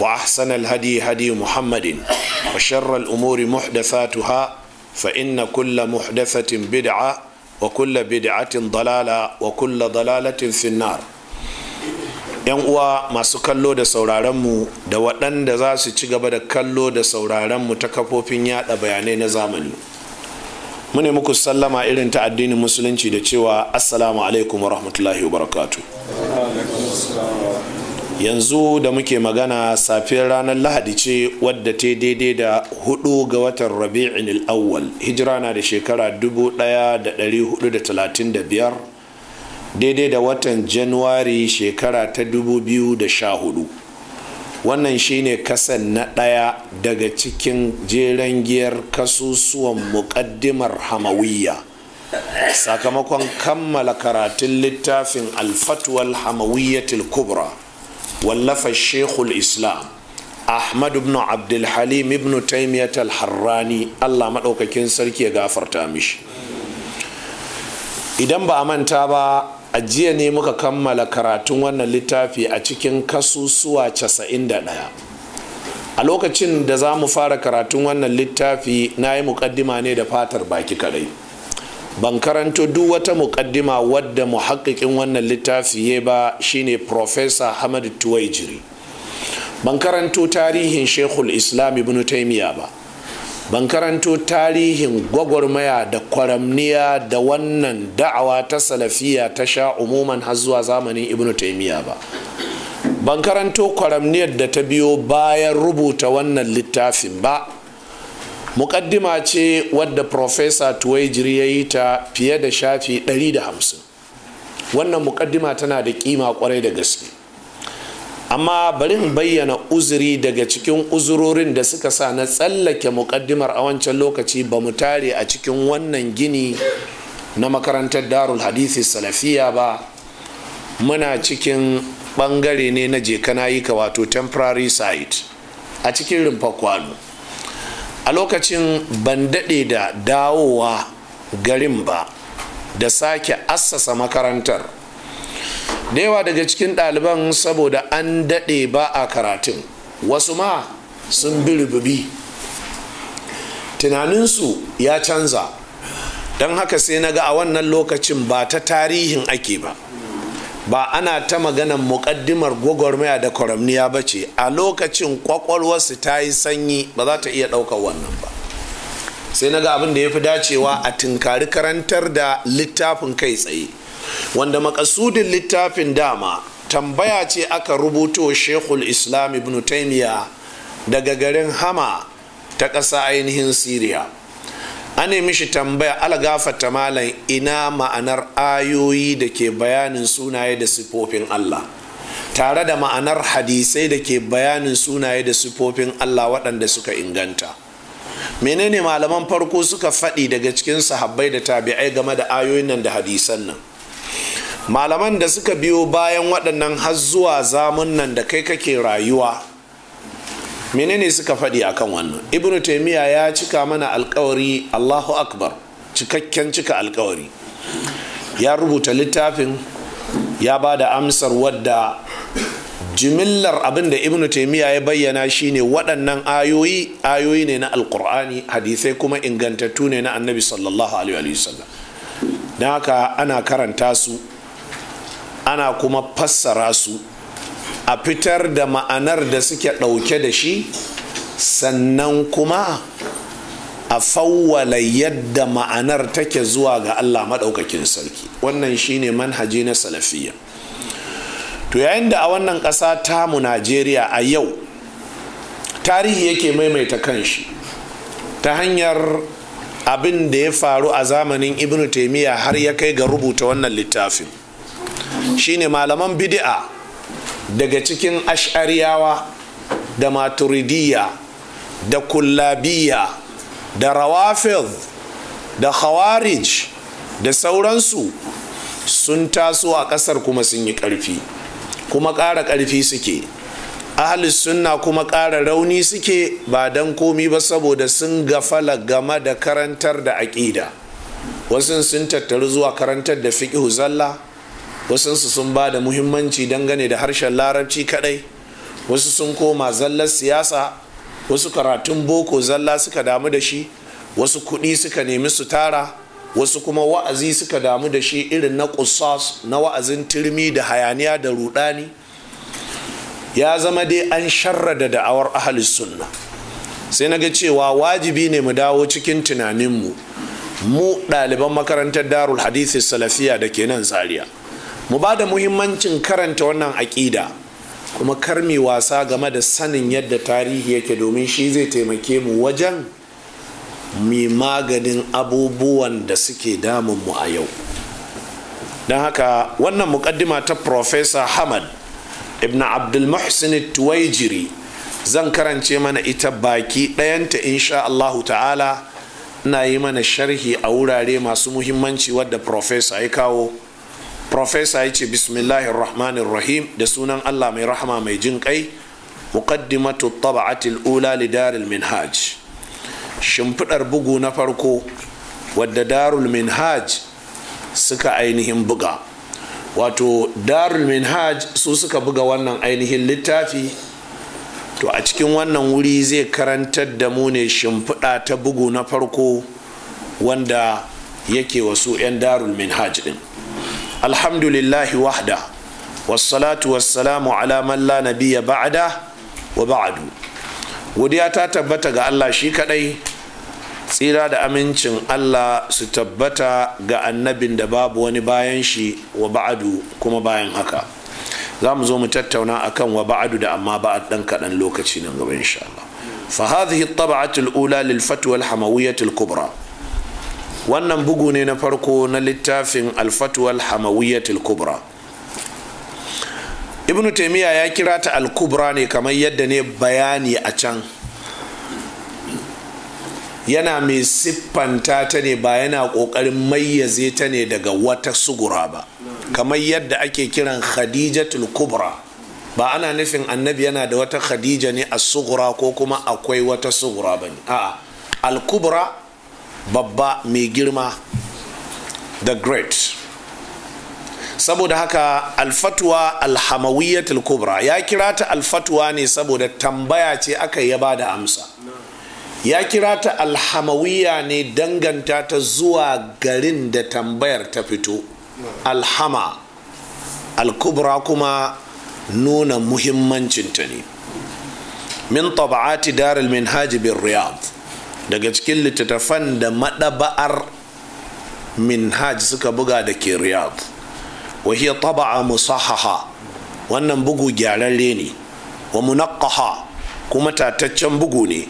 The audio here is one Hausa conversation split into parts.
وأحسن الهدي هدي محمد وشر الأمور محدثاتها فإن كل محدثة بدعة وكل بدعة ضلالة وكل ضلالة في النار yan uwa masu kallo da mu da waɗanda za su ci gaba da kallo da saurarenmu ta kafofin yada bayanai na zamani muni muku sallama irin ta addinin musulunci da cewa assalamu alaikum wa rahmatullahi wa barakatu yanzu da muke magana safiyar ranar lahadi ce wadda ta daidai da hudu ga watan rabi'in al'awwal hijira na da shekara 1435 daidai da watan januwari shekara ta 2014 wannan shine kasan na ɗaya daga cikin jeren giyar kasusuwan muƙaddimar hamawiyya sakamakon kammala karatun littafin alfatwal hamawiyyatul kubra wallafa shekul islam ahmad ibn abdulhalim ibn taimiyat al allah maɗaukakin sarki ya gafarta mishi idan ba a manta ba a jiya ne muka kammala karatun wannan littafi a cikin kasusuwa 91 a lokacin da za mu fara karatun wannan littafi na yi mukaddima ne da fatar baki kadai ban karanto duk wata muƙaddima wadda muhaƙiƙin wannan littafi ya ba shine professor hamadu tuwaijiri ban karanto tarihin shekul islam ibn taimiya ba ban karanto tarihin gwagwarmaya da kwaramniya da wannan da'awa ta salafiya ta sha umuman har zuwa zamanin ibn taimiya ba ban karanto kwaramniyar da ta biyo bayan rubuta wannan littafin ba mukaddima ce wadda profesa tuwaijiri ya yi ta fiye da shafi 150 wannan mukaddima tana da kima kwarai da gaske amma bari in bayyana uzuri daga cikin uzurorin da suka sa na tsallake mukaddimar a wancan lokaci ba mu tare a cikin wannan gini na makarantar darul hadithi salafiya ba muna cikin bangare ne na jekana yi ka wato temporary site a cikin rumfa kwano a lokacin ban daɗe da dawowa garin ba da sake assasa makarantar da yawa daga cikin ɗaliban saboda an daɗe ba a karatun wasu ma sun biribibi tunaninsu ya canza don haka sai na ga a wannan lokacin ba ta tarihin ake ba ba ana ta maganan muƙaddimar gwagwarmaya da kwaramniya ba ce a lokacin kwakwalwarsu ta yi sanyi ba za ta iya ɗaukar wannan ba sai na ga abin da ya fi dacewa a tunkari karantar da littafin kai tsaye wanda makasudin littafin dama tambaya ce aka rubuto shekul islam ibn Taimiyya daga garin hama ta ƙasa ainihin siriya an nemi shi tambaya algafata malam ina ma'anar ayoyi da ke bayanin sunaye da sifofin Allah tare da ma'anar hadisai da ke bayanin sunaye da sifofin Allah waɗanda suka inganta menene malaman farko suka faɗi daga cikin sahabbai da tabi'ai game da ayoyin nan da hadisan nan malaman da suka biyo bayan waɗannan har zuwa zamun nan da kai kake rayuwa menene suka faɗi kan wannan Ibn taimiyya ya cika mana alkawari allahu akbar cikakken cika alkawari ya rubuta littafin ya ba da amsar wadda jimillar abinda da ibnu taimiyya ya bayyana shine waɗannan ayoyi ayoyi ne na alkur'ani hadisai kuma ingantattu ne na annabi sallallahu alaihi wasallam don haka ana karanta su ana kuma fassara su a fitar da ma'anar da suke ɗauke da shi sannan kuma a fawwala yadda ma'anar take zuwa ga Allah maɗaukakin sarki wannan shine manhaji na salafiya to yayin da a wannan ƙasa tamu najeriya a yau tarihi yake maimaita kanshi ta hanyar abin da ya faru a zamanin ibn taimiyya har ya kai ga rubuta wannan littafin shine malaman bidi'a. daga cikin ash'ariyawa da maturidiyya da kullabiya da rawafil, da khawarij da sauransu sun taso a ƙasar kuma sun yi ƙarfi kuma ƙara ƙarfi suke ahalis sunna kuma ƙara rauni suke ba don komi ba saboda sun gafala game da karantar da aƙida wasu sun tattaru zuwa karantar da fiƙihu zalla Wasansu sun ba da muhimmanci dangane da harshen larabci kadai wasu sun koma zallar siyasa wasu karatun boko zalla suka damu da shi wasu kuɗi suka nemi su tara wasu kuma wa'azi suka damu da shi irin na kusas na wa'azin turmi da hayaniya da rudani ya zama dai an sharrada da'awar ahalis sunna sai na ga cewa wajibi ne mu dawo cikin tunaninmu mu ɗaliban makarantar darul hadisi salafiya da ke nan zaria mu ba da muhimmancin karanta wannan aƙida kuma karmi wasa game da sanin yadda tarihi yake domin shi zai taimake mu wajen mi maganin abubuwan da suke damun mu a yau don haka wannan mukaddima ta Profesa hamad ibn abdulmuhsin tuwaijiri zan karance mana ita baki ɗayanta insha allahu ta'ala na yi mana sharhi a wurare masu muhimmanci wadda Profesa ya kawo profesa ya ce bismillahir rahmanir rahim da sunan allah mai rahama mai jin kai muqaddimatu tab'atil ula li daril minhaj shimfidar bugu na farko wadda darul minhaj suka ainihin buga wato darul minhaj su suka buga wannan ainihin littafi to a cikin wannan wuri zai karantar da mu ne shimfiɗa ta bugu na farko wanda yake wasu 'yan darul minhaj din lillahi wahda wassalatu wasalamu ala man la nabiyya ba'da wa ba'du godiya ta tabbata ga Allah shi kadai tsira da amincin Allah su tabbata ga annabin da babu wani bayan shi wa ba'adu kuma bayan haka za mu zo mu tattauna akan wa ba'adu da amma ba ɗan kaɗan lokaci nan gaba insha Allah fa hadhihi at-tab'atu al-ula lil fatwa al-hamawiyyah al-kubra wannan bugu ne na farko na littafin alfatuwal hamawiyatul kubra ibnu taimiyya ya kira ta alkubra ne kamar yadda ne bayani a can yana mai siffanta ta ne ba yana ƙoƙarin mayyaze ta ne daga wata sugura ba kamar yadda ake kiran khadijatul kubra ba ana nufin annabi yana da wata khadija ne a sugura ko kuma akwai wata sugura ba ne a babba mai girma the great saboda haka alfatuwa alhamawiyyatul kubra ya kira ta alfatwa ne saboda tambaya ce aka yaba da amsa ya kira ta alhamawiyya ne danganta ta zuwa garin da tambayar ta fito alhama alkubra kuma nuna muhimmancinta ne min taba'ati darul minhaj bin riyadh daga cikin littattafan da maɗaba'ar minhaj suka buga da ke riyadh wahiyar taba'a musahaha wannan bugu gyararre ne wa munaqqaha kuma tataccen bugu ne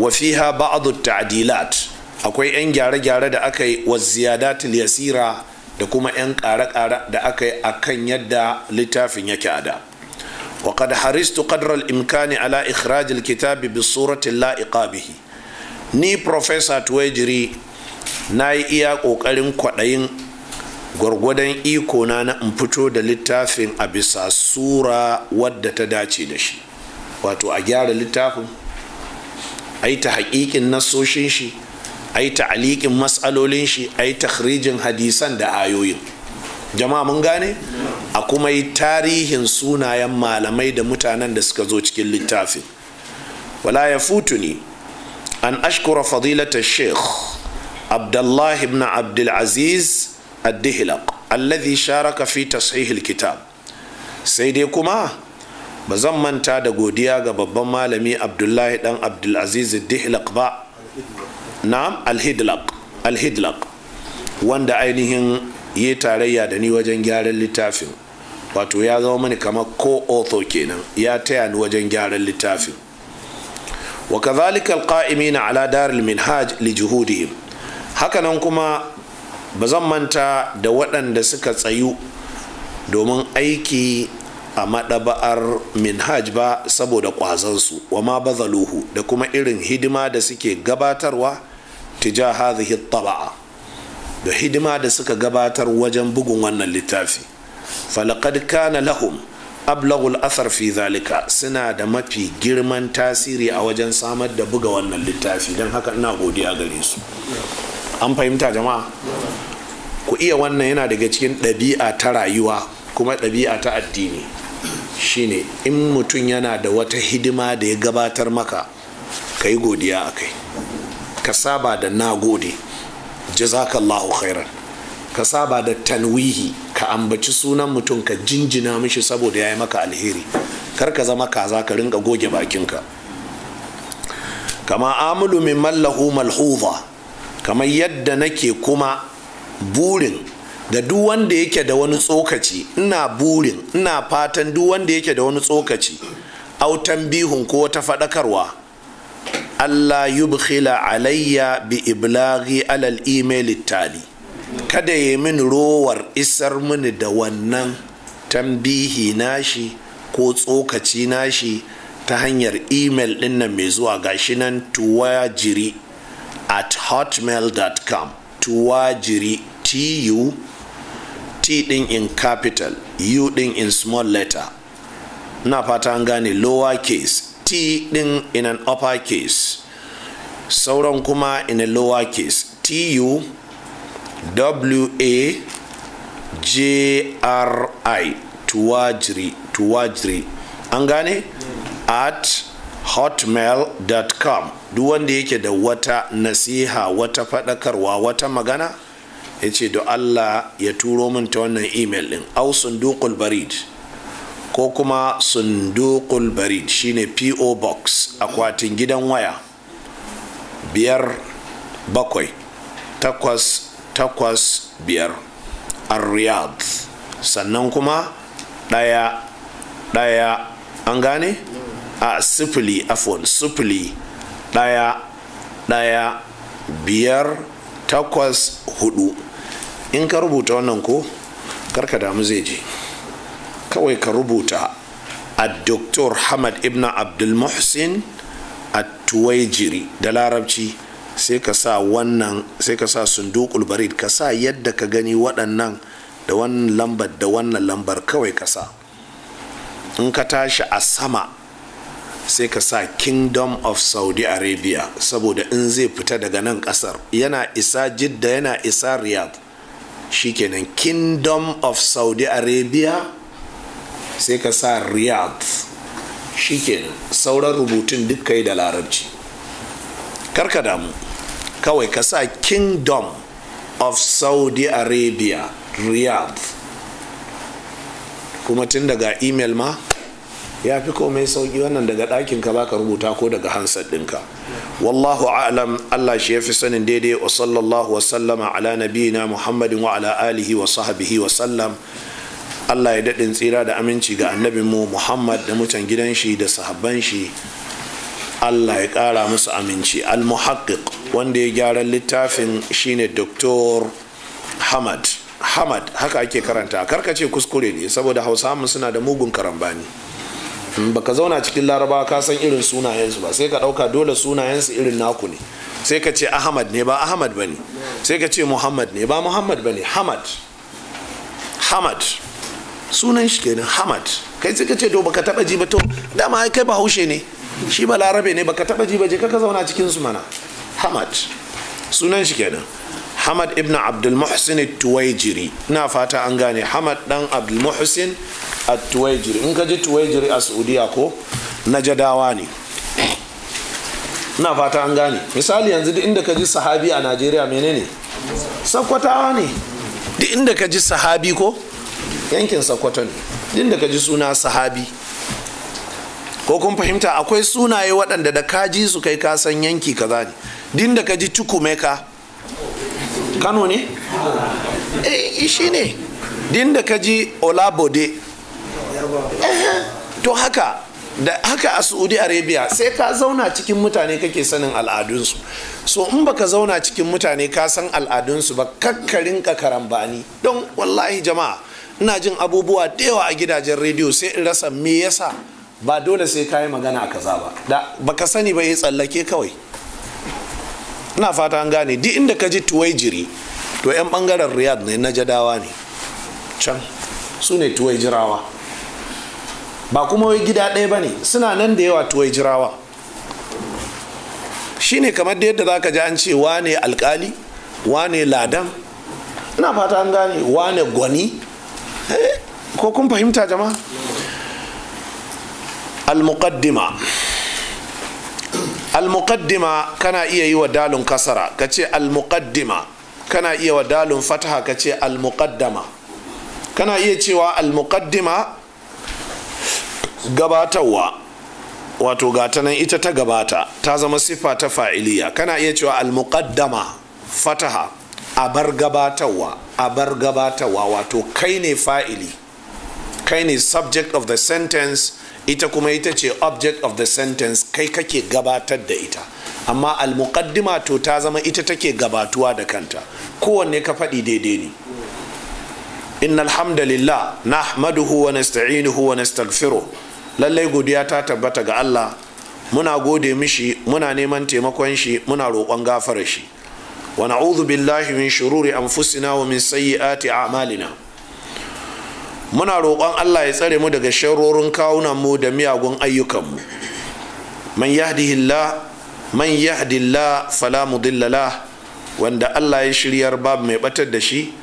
wa fiha ba'adu ta'dilat akwai 'yan gyare-gyare da aka yi wa ziyadatul yasira da kuma 'yan ƙare-ƙare da aka yi a kan yadda littafin yake ada da وقد حرصت قدر الإمكان على إخراج الكتاب بالصورة اللائقة به ni profesa tuwejiri na yi iya ƙoƙarin kwaɗayin gwargwadon iko na na in fito da littafin a bisa sura wadda ta dace da shi wato a gyara littafin a yi ta haƙiƙin nasoshin shi a yi ta aliƙin matsalolin shi a yi takhrijin hadisan da ayoyin jama'a mun gane a kuma yi tarihin sunayen malamai da mutanen da suka zo cikin littafin wala ya futu ne an ashkura fadilata sheikh abdullahi ibn abdulaziz addihilak alladhi sharaka fi tashihil kitab sai dai kuma ba zan manta da godiya ga babban malami abdullahi dan abdulaziz addihilak ba na alhidlak alhidlak wanda ainihin yi tarayya da ni wajen gyaran littafin wato ya zama mani kamar ko otho kenan ya taya ni wajen gyaran littafin wa kadhalika alqa'imina ala daril minhaj li juhudi hakanan kuma ba zan manta da waɗanda suka tsayu domin aiki a maɗaba'ar minhaj ba saboda ƙwazansu wa ma bazaluhu da kuma irin hidima da suke gabatarwa tija hadhihi taba'a da hidima da suka gabatar wajen bugun wannan littafi falakadkana kana lahum ablagul asar fi zalika suna da mafi girman tasiri a wajen samar da buga wannan littafi don haka ina godiya gare su an fahimta jama'a ku iya wannan yana daga cikin ɗabi'a ta rayuwa kuma ɗabi'a ta addini shine in mutum yana da wata hidima da ya gabatar maka ka yi godiya a kai ka saba da na gode jazakallahu khairan ka saba da tanwihi ka ambaci sunan mutum ka jinjina mishi saboda ya yi maka alheri kar ka zama kaza ka rinka goge bakinka kama amulu min mallahu malhuza kamar yadda nake kuma burin da duk wanda yake da wani tsokaci ina burin ina fatan duk wanda yake da wani tsokaci autan bihun ko ta faɗakarwa Allah yubkhila alayya bi iblaghi alal email tali kada ya min rowar isar mini da wannan tambihi nashi ko tsokaci nashi ta hanyar imel din nan mai zuwa gashi nan tuwajiri at hotmail.com tuwajiri tu t din in capital u din in small letter na fata an gane lower case t din in an upper case sauran kuma in a lower case tu w-a-j-r-i tuwajiri tuwajiri an gane at hotmail.com duk wanda yake da wata nasiha wata faɗakarwa wata magana ya ce da allah ya turo min ta wannan email din? au sundukul barid ko kuma sundukul barid shine po box akwatin gidan waya biyar bakwai takwas takwas biyar riyadh sannan kuma ɗaya ɗaya an gane a sifili afon sifili ɗaya ɗaya biyar takwas hudu in ka rubuta wannan ko karka damu zai je kawai ka rubuta a doktor hamad ibn abdulmuhsin a tuwaijiri da larabci sai ka sa wannan sai ka sa sundukul barid ka sa yadda ka gani waɗannan da wannan lambar da wannan lambar kawai ka sa in ka tashi a sama sai ka sa kingdom of saudi arabia saboda in zai fita daga nan ƙasar yana isa jidda yana isa riyadh shikenan kingdom of saudi arabia sai ka sa riyadh shikenan sauran rubutun duk kai da larabci karka damu kawai ka sa kingdom of saudi arabia riyadh kuma tun daga email ma ya fi komai sauki wannan daga ɗakin ka baka rubuta ko daga hansar ɗinka wallahu a'lam allah shi ya fi sanin daidai wa sallallahu wa sallama ala nabiyina muhammadin wa ala alihi wa sahbihi wa sallam allah ya daɗin tsira da aminci ga annabinmu muhammad da mutan gidan shi da sahabban shi Allah ya ƙara musu aminci al-muhaqqiq wanda ya gyara littafin shine Dr. Hamad Hamad haka ake karanta karkace kuskure ne saboda Hausa mun suna da mugun karambani baka zauna cikin Laraba ka san irin sunayen su ba sai ka ɗauka dole sunayen su irin naku ne sai ka ce Ahmad ne ba Ahmad bane sai ka ce Muhammad ne ba Muhammad bane Hamad Hamad sunan shi kenan Hamad kai sai ka ce to baka taba ji ba to dama kai bahaushe ne shi ba larabe ne baka taba ji ba je kaka zauna cikin su mana hamad sunan shi kenan hamad ibn abdul muhsin tuwaijiri na fata an gane hamad dan abdul muhsin tuwaijiri in ka ji tuwaijiri a saudiya ko na jadawa ne na fata an gane misali yanzu duk inda ka ji sahabi a najeriya menene sakwatawa ne duk inda ka ji sahabi ko yankin sakwato ne duk inda ka ji suna sahabi ko kun fahimta akwai sunaye waɗanda da kaji su kai kasan yanki kaza ne din da ji cukume ka kano ne eh shi ne din da ka ji olabode to haka da haka a saudi arabia sai ka zauna cikin mutane kake sanin al'adunsu so in baka zauna cikin mutane ka san al'adunsu ba kakkarin karambani don wallahi jama'a ina jin abubuwa da yawa a gidajen rediyo sai in rasa me yasa ba dole sai ka yi magana a kaza ba da baka sani ba ya tsallake kawai ina fata an gane duk inda ka ji tuwai jiri to 'yan bangaren riyad ne na jadawa ne can su ne tuwai jirawa ba kuma wai gida ɗaya ba ne suna nan da yawa tuwai jirawa Shi ne kamar da yadda za ka ji an ce wane alkali wane ladan ina fata an gane wane gwani eh, ko kun fahimta jama'a al-muqaddima al-muqaddima kana iya yi wa dalun kasara ka ce al-muqaddima kana iya wa dalun fataha ka ce al-muqaddama kana iya cewa al-muqaddima gabatarwa wato gata nan ita ta gabata ta zama siffa ta fa'iliya kana iya cewa al-muqaddama fataha a bar gabatarwa a bar gabatarwa wato kai ne fa'ili kai ne subject of the sentence ita kuma ita ce object of the sentence kai kake gabatar da ita amma almuqaddima to ta zama ita take gabatuwa da kanta kowanne ka faɗi daidai ne inna alhamdulillah na nahmaduhu wa nasta'inuhu wa nastaghfiruh lallai godiya ta tabbata ga Allah muna gode mishi muna neman taimakon shi muna roƙon gafarar shi wa na'udhu billahi min shururi anfusina wa min sayyiati a'malina muna roƙon Allah ya tsare mu daga sharorin kawunan mu da miyagun ayyukan mu man yahdihillah man yahdillah fala mudillala wanda Allah ya shiryar babu mai batar da shi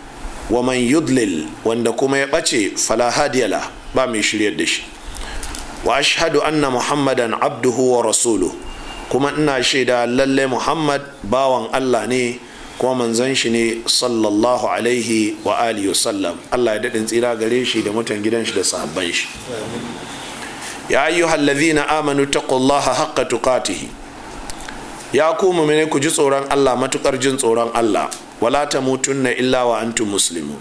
wa man yudlil wanda kuma ya bace fala hadiyala ba mai shiryar da shi wa ashhadu anna muhammadan abduhu wa rasuluhu kuma ina shaida lalle muhammad bawan Allah ne ko manzon shi ne sallallahu alaihi wa alihi sallam. Allah ya daɗin tsira gare shi da mutan gidan shi da sahabban shi ya ayyuhal hallazina amanu taqullaha haqqa tuqatihi ya ku mu'mine ku ji tsoron Allah matukar jin tsoron Allah wala tamutunna illa wa antum muslimun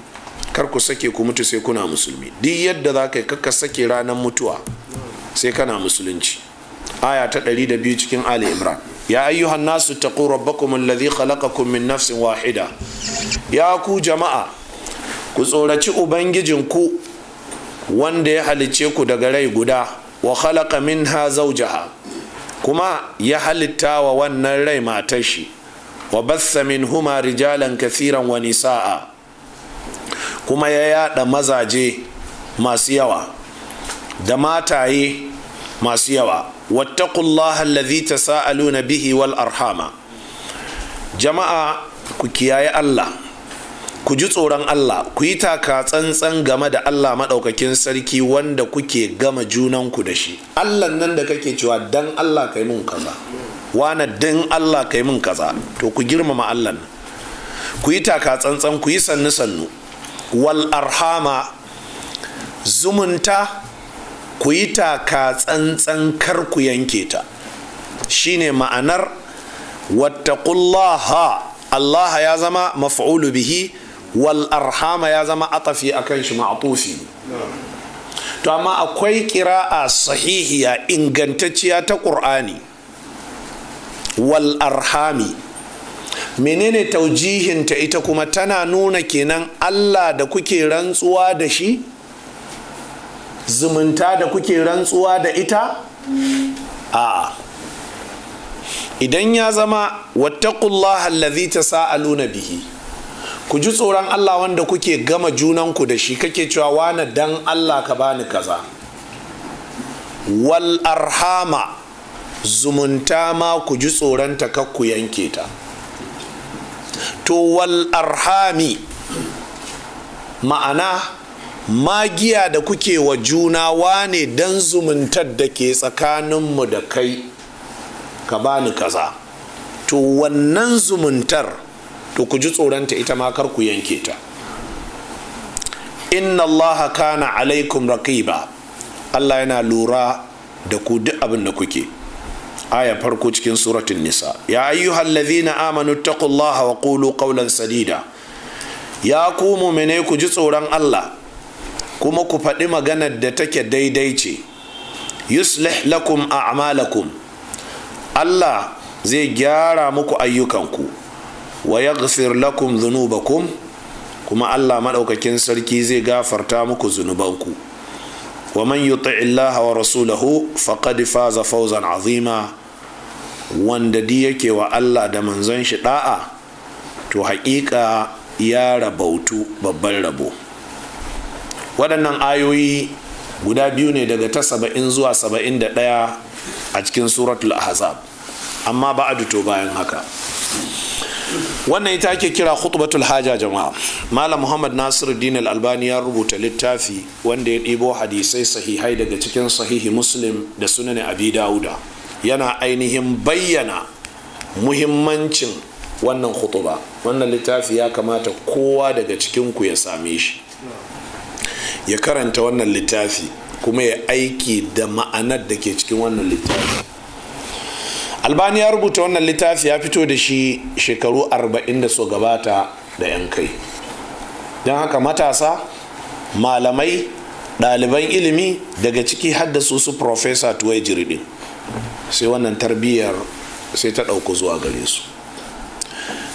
kar ku sake ku mutu sai kuna musulmi duk yadda za ka kakka sake ranar mutuwa sai kana musulunci aya ta 102 cikin ali imran ya hannasu ta taqu rabbakum alladhi khalaqakum kumin nafsin wahida ya ku jama'a ku tsoraci ubangijinku wanda ya halicce ku daga rai guda wa khalaqa minha zawjaha kuma ya halitta wa wannan rai matar shi wa bassa huma rijalan kathiran wani sa'a. kuma ya yada mazaje masu yawa da mataye masu yawa wattaqullaha allazi na bihi wal arhama jama'a ku kiyaye Allah ku ji tsoron Allah ku yi taka tsantsan game da Allah maɗaukakin sarki wanda kuke gama junanku da shi Allah nan da kake cewa dan Allah kai mun kaza wana dan Allah kai mun kaza to ku girmama Allah nan ku yi taka tsantsan ku yi sannu sannu wal arhama zumunta ku yi taka tsantsan kar ku yanke ta Shi ne ma'anar wattaqullaha Allah ya zama maf'ulu bihi wal arhama ya zama atafi kan shi ma'tufi to amma akwai kira'a sahihiya ingantacciya ta ƙur'ani wal arhami menene taujihinta ita kuma tana nuna kenan Allah da kuke rantsuwa da shi zumunta da kuke rantsuwa da ita a idan ya zama ta allazi luna bihi ku ji tsoron Allah wanda kuke gama junanku da shi kake cewa wani dan Allah ka bani kaza wal arhama zumunta ma ku ji tsoron ta ku yanke ta to wal arhami ma'ana magiya da kuke wa juna wane dan zumuntar da ke tsakaninmu da kai ka bani kaza to wannan zumuntar to ku ji tsoronta ita ma kar ku yanke ta inna allaha kana alaikum raqiba allah yana lura da ku duk abin da kuke aya farko cikin suratun nisa ya ayyuhallazina amanu taqullaha wa qulu qawlan sadida ya ku mu'mine ku ji tsoron allah kuma ku faɗi maganar da take daidai ce yuslih lakum a'malakum Allah zai gyara muku ayyukanku wa yaghfir lakum dhunubakum kuma Allah maɗaukakin sarki zai gafarta muku zunubanku wa man yuti illaha wa rasulahu faqad faza fawzan azima wanda di yake wa Allah da manzon shi ɗa'a? to haƙiƙa ya rabautu babban rabo waɗannan ayoyi guda biyu ne daga ta saba'in zuwa saba'in da ɗaya a cikin suratul ahzab amma ba duto bayan haka wannan ita ake kira khutbatul haja jama'a malam muhammad nasiruddin al-albani ya rubuta littafi wanda ya ɗibo hadisai sahihai daga cikin sahihi muslim da sunan abi dauda yana ainihin bayyana muhimmancin wannan khutba wannan littafi ya kamata kowa daga cikin ku ya same shi ya karanta wannan littafi kuma ya aiki da ma'anar da ke cikin wannan littafi albani ya rubuta wannan littafi ya fito da shi shekaru 40 da so gabata da 'yan kai don haka matasa malamai ɗaliban ilimi daga ciki su su profesa tuwai jirgin sai wannan tarbiyyar sai ta ɗauku zuwa gare su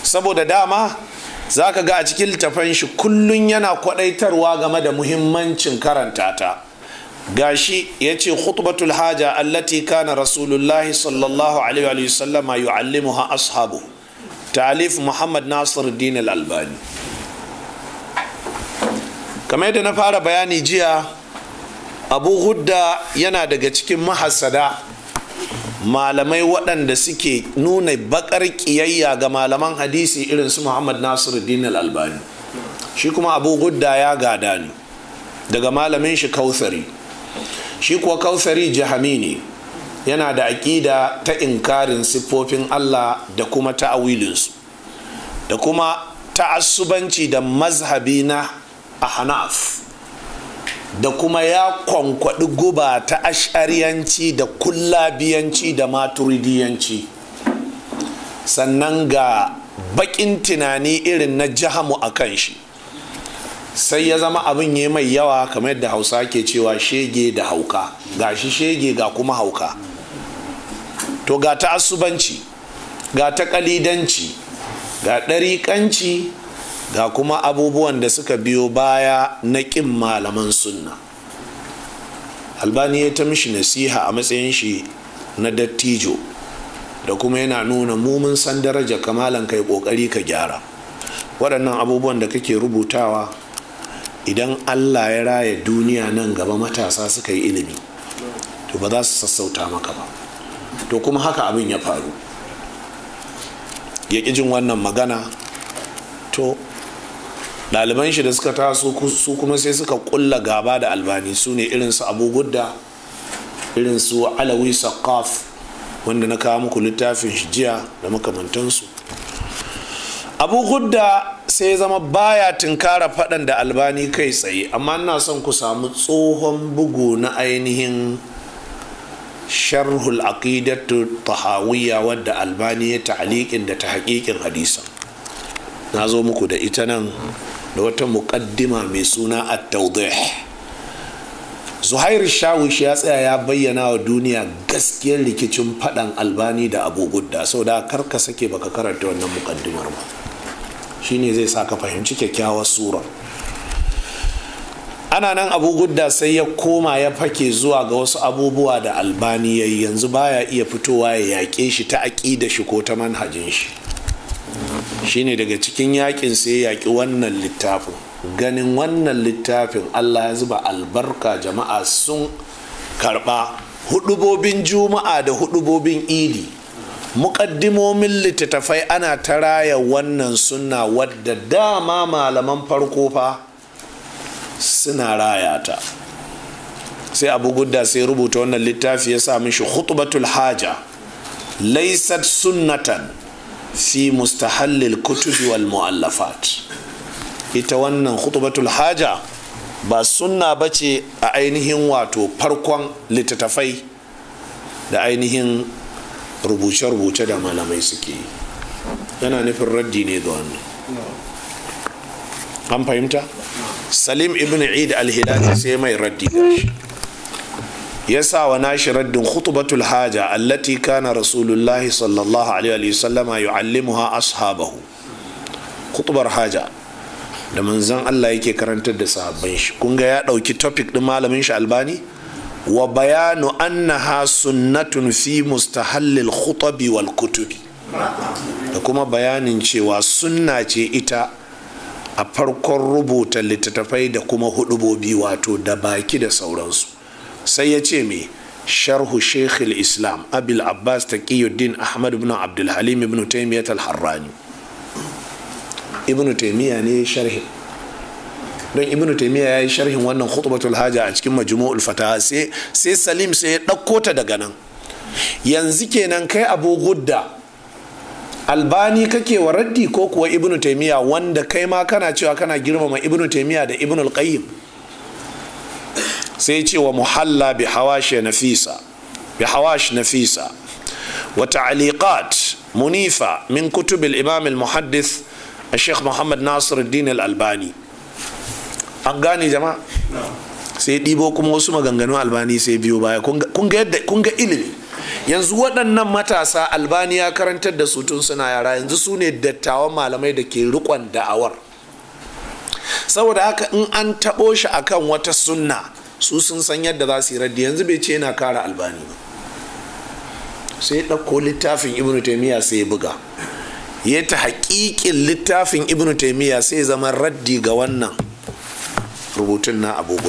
saboda dama za ka ga a cikin littafan shi kullum yana kwadaitarwa game da muhimmancin karanta ta gashi ya ce khutbatul haja allati kana rasulullahi sallallahu alaihi wa sallama yu'allimuha ashabu talif muhammad nasir din albani kamar yadda na fara bayani jiya abu hudda yana daga cikin mahasada malamai waɗanda suke nuna bakar ƙiyayya ga malaman hadisi irin su muhammad Nasiru, dinar albani shi kuma abu gudda ya gada ne daga malamin shi kautsari shi kuwa kautsari jihami ne yana da aƙida ta inkarin siffofin allah da kuma ta'awilinsu da kuma ta'assubanci da mazhabi na a hanaf da kuma ya kwankwaɗi guba ta ashariyanci da kullabiyanci da maturidiyanci sannan ga baƙin tunani irin na jihamu a kan shi sai ya zama abin ya mai yawa kamar yadda hausa ke cewa shege da hauka ga shi shege ga kuma hauka to ga ta asubanci ga ta ƙalidanci ga ɗariƙanci ga kuma abubuwan da suka biyo baya na ƙin malaman sunna albani ya ta mishi nasiha a matsayin shi na dattijo da kuma yana nuna mumun san daraja kamalan kai ƙoƙari ka gyara waɗannan abubuwan da kake rubutawa idan allah ya raya duniya nan gaba matasa suka yi ilimi to ba za su sassauta maka ba to kuma haka abin ya faru ya jin wannan magana to ɗaliban shi da suka taso su kuma sai suka kulla gaba da albani su ne irin su abu gudda irin su alawi saqaf wanda na kawo muku littafin shi jiya da makamantansu abu gudda sai zama baya tinkara faɗan da albani kai tsaye amma ina son ku samu tsohon bugu na ainihin sharhul aqidatu tahawiyya wadda albani ya ta'liqin da ta haƙiƙin hadisan na zo muku da ita nan da wata muƙaddima mai suna at-tawdih zuhair shi ya tsaya ya bayyana wa duniya gaskiyar rikicin faɗan albani da abu gudda sau da karka sake baka karanta wannan mukaddimar ba shine zai sa ka fahimci kyakkyawar sura ana nan abu gudda sai ya koma ya fake zuwa ga wasu abubuwa da albani yayi, yanzu baya iya fitowa ya yaƙe shi ta aƙi da shi ko ta manhajin shi shine daga cikin yakin sai yaki yaƙi wannan littafin ganin wannan littafin allah ya zuba albarka jama'a sun karɓa hudubobin juma'a da hudubobin idi muƙaddimomin littattafai ana ta raya wannan sunna wadda dama malaman farko fa suna raya ta sai abu gudda sai rubuta wannan littafi ya sa mishi hutubatul haja laisat sunnatan fi mustahallil kutubi wal mu'allafat ita wannan khutbatul haja ba sunna ba ce a ainihin wato farkon littattafai da ainihin rubuce-rubuce da malamai suke yana nufin raddi ne ga wannan an fahimta salim ibn eid al-hilali sai mai raddi shi ya sa wa nashi raddin khutbatul haja allati kana rasulullahi sallallahu alaihi sallama yu'allimuha ashabahu khutbar haja da manzon Allah yake karantar da sahabban shi kun ga ya dauki topic din malamin shi albani wa bayanu annaha sunnatun fi mustahallil khutabi wal kutubi da kuma bayanin cewa sunna ce ita a farkon rubuta littattafai da kuma hudubobi wato da baki da sauransu sai ya ce me sharhu sheikh islam abil abbas taqiyuddin ahmad ibn abdul halim ibn taymiyyah al ibn taymiyyah ne sharhi don ibn taymiyyah yayi sharhin wannan khutbatul haja a cikin majmu'ul fataha sai salim sai ya dauko ta daga nan yanzu kenan kai abu gudda albani kake wa raddi ko kuwa Ibn taimiya wanda kai ma kana cewa kana girmama Ibn taimiya da Ibn alqayyim sai ce wa muhalla bi hawash nafisa bi hawash nafisa wa ta'liqat munifa min kutub al-imam al-muhaddith al-sheikh muhammad nasir al al-albani an gane jama'a sai ɗibo kuma wasu maganganun albani sai biyo baya kun ga ilimi yanzu waɗannan matasa albani ya karantar da su tun suna yara yanzu su ne dattawan malamai da ke riƙon da'awar saboda haka in an taɓo shi akan wata sunna su sun san yadda za su yi raddi yanzu bai ce yana kara albani ba sai ɗauko littafin ibn taimiyya sai ya buga ya ta haƙiƙin littafin ibn taimiyya sai zama raddi ga wannan rubutun na abu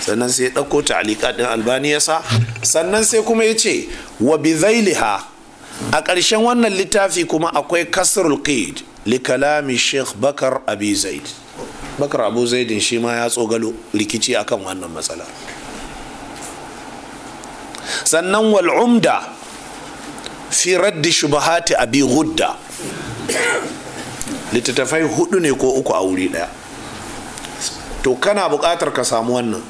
sannan sai ya ɗauko ta'alika ɗin albani ya sa sannan sai kuma ya ce wa bi zailiha a ƙarshen wannan littafi kuma akwai kasrul qid li kalami sheikh bakar abi zaid bakar abu zaidin shi ma ya tsogalo rikici akan wannan matsala. sannan wal'umda fi raddi shubahati abi hudda littattafai hudu ne ko uku a wuri daya to kana buƙatar ka samu wannan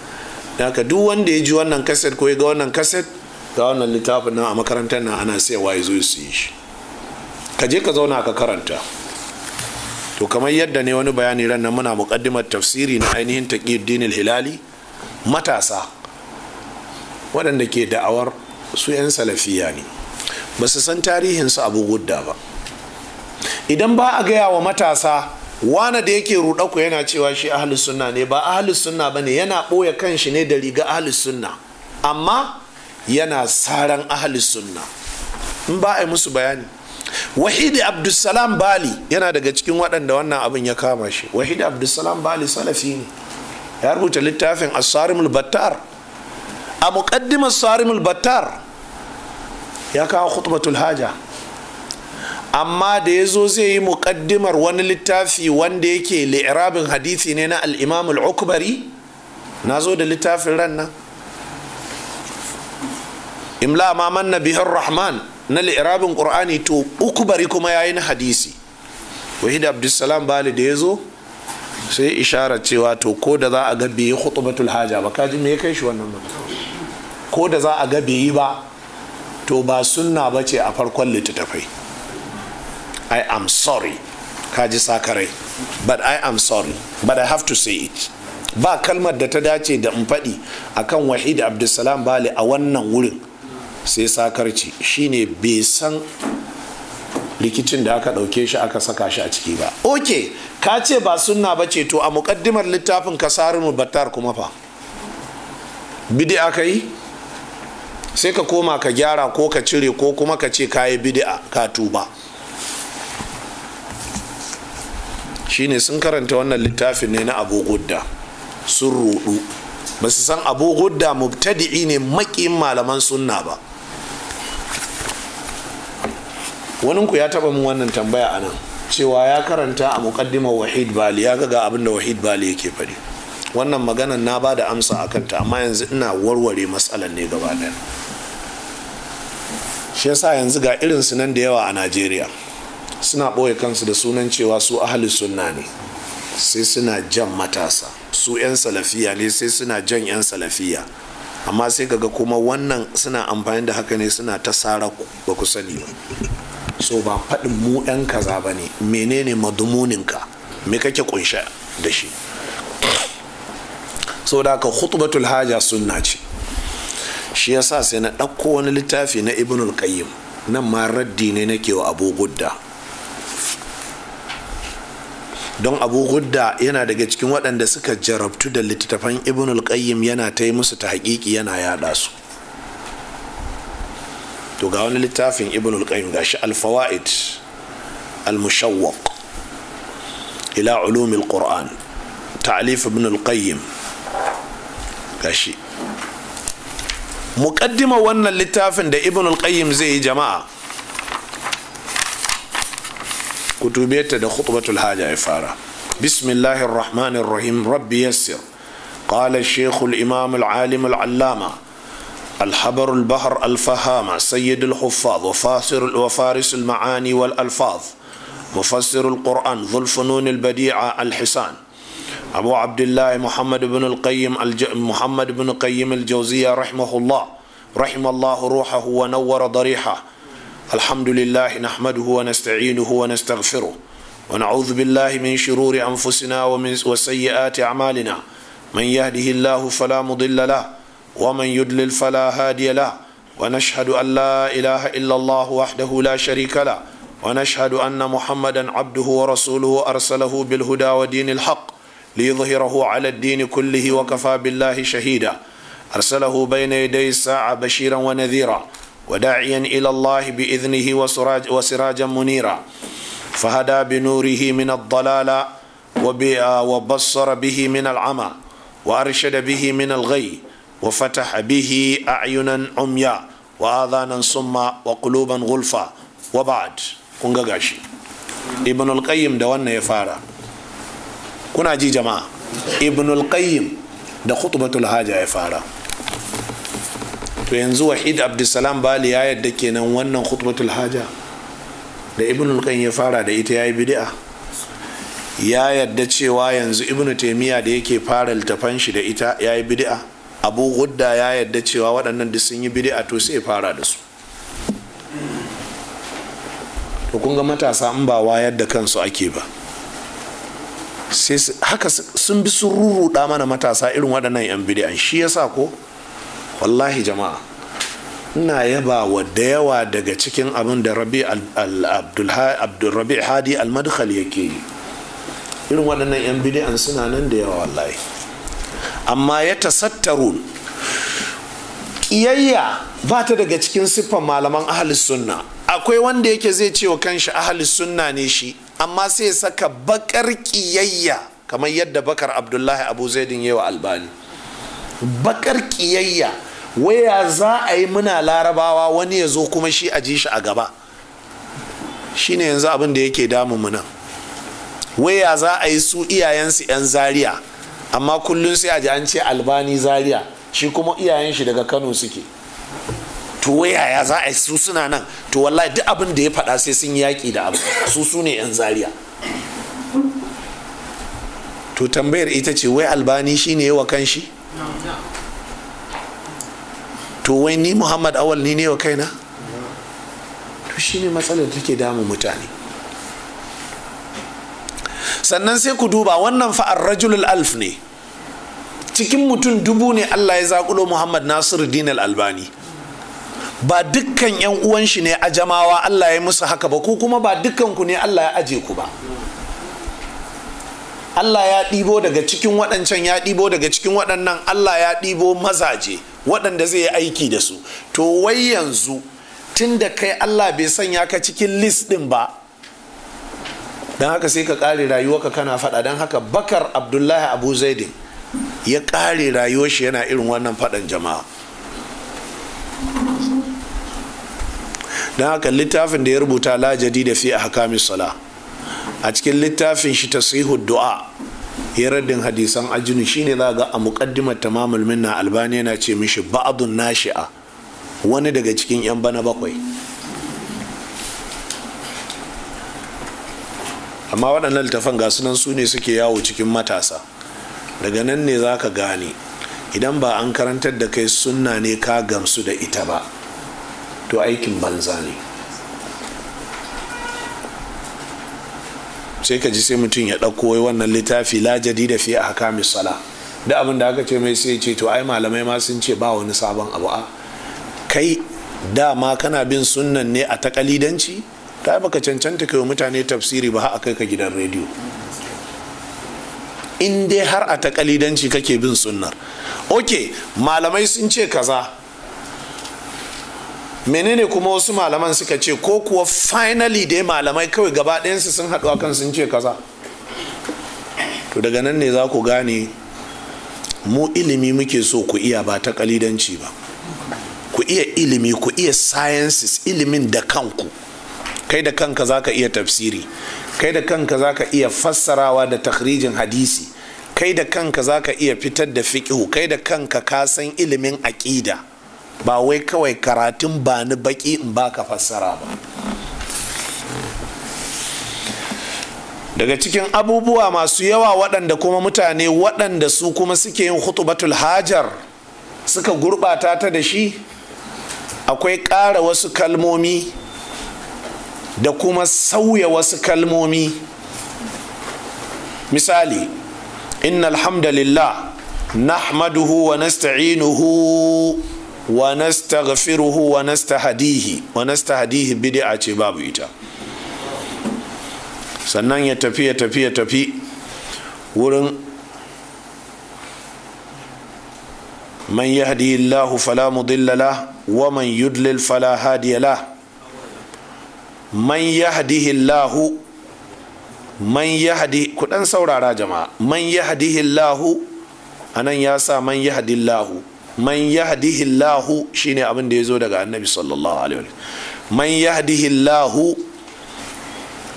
daga duk wanda ya ji wannan kaset ko ya ga wannan kaset ga wannan littafin nan a makarantar nan ana sayawa ya zo su yi shi ka je ka zauna ka karanta to kamar yadda ne wani bayani ran nan muna muƙaddimar tafsiri na ainihin taqiyuddin hilali matasa waɗanda ke da'awar su 'yan salafiya ne ba su san tarihin su abu gudda ba idan ba a gaya wa matasa wane da yake ruɗa ku yana cewa shi ahalus sunna ne ba ahalus sunna ba ne yana ɓoye kanshi ne da riga ahalus sunna amma yana saran ahalus sunna in ba a yi musu bayani wahidi abdulsalam bali yana daga cikin waɗanda wannan abin ya kama shi wahidi abdulsalam bali salafi ne ya rubuta littafin asarimul battar a muƙaddimar asarimul battar ya kawo khutbatul haja amma da ya zo zai yi muƙaddimar wani littafi wanda yake li'irabin hadithi ne na al'imamul ukbari na zo da littafin ran nan imla ma manna rahman na li'irabin qur'ani to uku bari kuma yayi na hadisi da abdussalam bali da yazo sai isharar cewa to ko da za a ga bai yi khutbatul haja ba kaji me kai shi wannan ko da za a ga bai ba to ba sunna ba ce a farkon littattafai i am sorry kaji sakarai but i am sorry but i have to say it ba kalmar da ta dace da in faɗi akan wahida abdulsalam bali a wannan wurin sai sakarci shine bai san rikicin da aka ɗauke shi aka saka shi a ciki ba ok ka ce ba sunna ba ce to a muƙaddimar littafin kasarin batar kuma fa bidi aka yi sai ka koma ka gyara ko ka cire ko kuma ka ce kayi bid'a ka tuba shine sun karanta wannan littafin ne na abu sun rudu ba su san abu gudda mubtadi'i ne maƙiyan malaman sunna ba waninku ya taba min wannan tambaya a nan cewa ya karanta a muƙaddimar wahid bali ya ga abin da wahid bali yake faɗi wannan maganan na ba da amsa a kanta amma yanzu ina warware matsalar ne gaba ɗaya shi yasa yanzu ga irin su nan da yawa a najeriya suna ɓoye kansu da sunan cewa su ahli sunna ne sai suna jan matasa su 'yan salafiya ne sai suna jan 'yan salafiya amma sai ga kuma wannan suna amfani da haka ne suna ta sara ba ku sani ba so ba faɗin mu ɗan kaza ba ne menene madumuninka me kake kunsha da shi so da haka khutbatul haja sunna ce shi yasa sai na ɗauko wani littafi na ibnul qayyim nan ma raddi ne nake wa abu gudda don abu gudda yana daga cikin waɗanda suka jarabtu da littattafan ibn qayyim yana ta yi musu ta haƙiƙi yana yaɗa su to ga wani littafin ibn qayyim ga al-fawaid al-mushawwaq ila ulum al-qur'an ta'lif ibn qayyim shi muqaddima wannan littafin da ibn qayyim zai yi jama'a كتبت dube ta da khutbatul haja ya fara bismillahir rahmanir rahim rabbi yassir qala shaykh الحبر البحر الفهامة سيد الحفاظ وفاسر وفارس المعاني والألفاظ مفسر القرآن ذو الفنون البديعة الحسان أبو عبد الله محمد بن القيم الج... محمد بن القيم الجوزية رحمه الله رحم الله روحه ونور ضريحه الحمد لله نحمده ونستعينه ونستغفره ونعوذ بالله من شرور أنفسنا ومن وسيئات أعمالنا من يهده الله فلا مضل له ومن يدلل فلا هادي له ونشهد أن لا إله إلا الله وحده لا شريك له ونشهد أن محمدا عبده ورسوله أرسله بالهدى ودين الحق ليظهره على الدين كله وكفى بالله شهيدا أرسله بين يدي الساعة بشيرا ونذيرا وداعيا إلى الله بإذنه وسراج وسراجا منيرا فهدى بنوره من الضلال وبصر به من العمى وأرشد به من الغي وفتح به أعينا عميا وآذانا صما وقلوبا غلفا وبعد كنغاشي ابن القيم ده وانا يفارا كنا جي جماعة ابن القيم ده خطبة الهاجة يفارا to yanzu wahid abdulsalam bali ya yadda kenan wannan khutbatul haja da ibn qayyim ya fara da ita yayi bid'a ya yadda cewa yanzu ibn taimiyya da yake fara littafan shi da ita ya yi bid'a abu gudda ya yadda cewa waɗannan duk sun yi bid'a to sai fara da su to kun ga matasa in ba wayar da kansu ake ba sai haka sun bi sun ruruɗa mana matasa irin waɗannan 'yan bid'an shi yasa ko wallahi jama'a ina yaba wa da yawa daga cikin abin da rabi abdulrabi hadi almadkhal yake yi irin waɗannan 'yan bidi'an suna nan da yawa wallahi amma ya tasattaru ƙiyayya ba ta daga cikin siffan malaman ahalis sunna akwai wanda yake zai ce wa kanshi ahalis sunna ne shi amma sai saka bakar ƙiyayya kamar yadda bakar abdullahi abu zaidin yawa albani bakar ƙiyayya waya za a yi muna larabawa wani ya zo kuma shi a ji shi a gaba shine yanzu abin da yake damun mu nan waya za a yi su iyayensu 'yan zaria amma kullum sai a ji an ce albani zaria shi kuma iyayen shi daga kano suke to waya za a yi su suna nan to wallahi duk abin da ya faɗa sai sun yaƙi da abu su su ne 'yan zaria to tambayar ita ce wai albani shi shine yawa kan shi to wai ni muhammad awal ni ne wa kaina to shi ne matsalar da take damun mutane sannan sai ku duba wannan fa'ar rajulul alf ne cikin mutum dubu ne allah ya zakulo muhammad nasiru dinar albani ba dukkan yan uwan shi ne a jamawa allah ya musu haka ba Ko kuma ba dukkan ku ne allah ya aje ku ba Allah ya ɗibo daga cikin waɗancan ya ɗibo daga cikin waɗannan Allah ya ɗibo mazaje waɗanda zai yi aiki da su to wai yanzu tun da kai allah bai sanya ka cikin list ɗin ba don haka sai ka ƙare ka kana faɗa don haka bakar abdullahi abu zaidin ya ƙare rayuwar shi yana irin wannan faɗan jama'a don haka littafin da ya rubuta lajadi da fi a hakamis sala a cikin littafin shi ta du'a ya hadisan ajinu shine za ga a muqaddimar tamamul minna albani yana ce mishi ba'dun nashi'a wani daga cikin yan bana bakwai amma waɗannan littafan ga sunan su ne suke yawo cikin matasa daga nan ne za ka gane idan ba an karantar da kai sunna ne ka gamsu da ita ba to aikin banza ne sai ka ji sai mutum ya ɗauko wannan littafi la jadida fi ahkamis sala da abin da aka ce mai sai ce to ai malamai ma sun ce ba wani sabon abu a kai dama kana bin sunnan ne a takalidanci ta baka cancanta kai mutane tafsiri ba a kai ka gidan rediyo in dai har a takalidanci kake bin sunnar ok malamai sun ce kaza menene kuma wasu malaman suka ce ko kuwa finally dai malamai kawai gaba ɗayansu sun haɗu akan sun ce kaza to daga nan ne za ku gane mu ilimi muke so ku iya ba ta ƙalidanci ba ku iya ilimi ku iya sciences ilimin da kanku kai da kanka za ka iya tafsiri kai da kanka za ka iya fassarawa da takhrijin hadisi kai da kanka za ka iya fitar da fiƙihu kai da kanka ka san ilimin aƙida ba wai kawai karatun ba ni baki in baka fassara ba daga cikin abubuwa masu yawa waɗanda kuma mutane waɗanda su kuma suke yin hutubatul hajar suka gurɓata ta da shi akwai ƙara wasu kalmomi da kuma sauya wasu kalmomi misali inna alhamdulillah nahmaduhu wa nasta'inuhu wa nastaghfiruhu wa nastahdihi wa nastahdihi bid'a ce babu ita sannan ya tafi ya tafi ya tafi wurin man yahdi fala mudilla la wa man yudlil fala hadiya la man yahdihi Allahu man yahdi ku dan saurara jama'a man yahdihi Allahu anan ya sa man yahdi man yahdihi Allahu shine abin da ya zo daga annabi sallallahu alaihi wasallam man yahdihi Allahu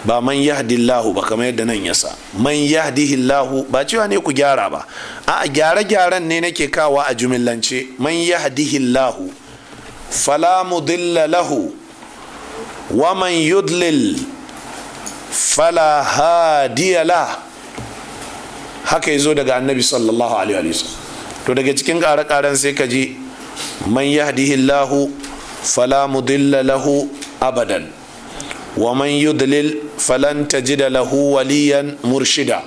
ba man yahdi Allahu ba kamar yadda nan yasa man yahdihi Allahu ba cewa ne ku gyara ba a gyare gyaran ne nake kawa a jumillance man yahdihi Allahu fala mudilla lahu wa man yudlil fala hadiya la haka yazo daga annabi sallallahu alaihi wasallam to daga cikin ƙare-ƙaren sai ka ji man yahdihillahu fala mudilla lahu abadan wa man yudlil falan tajida lahu waliyan murshida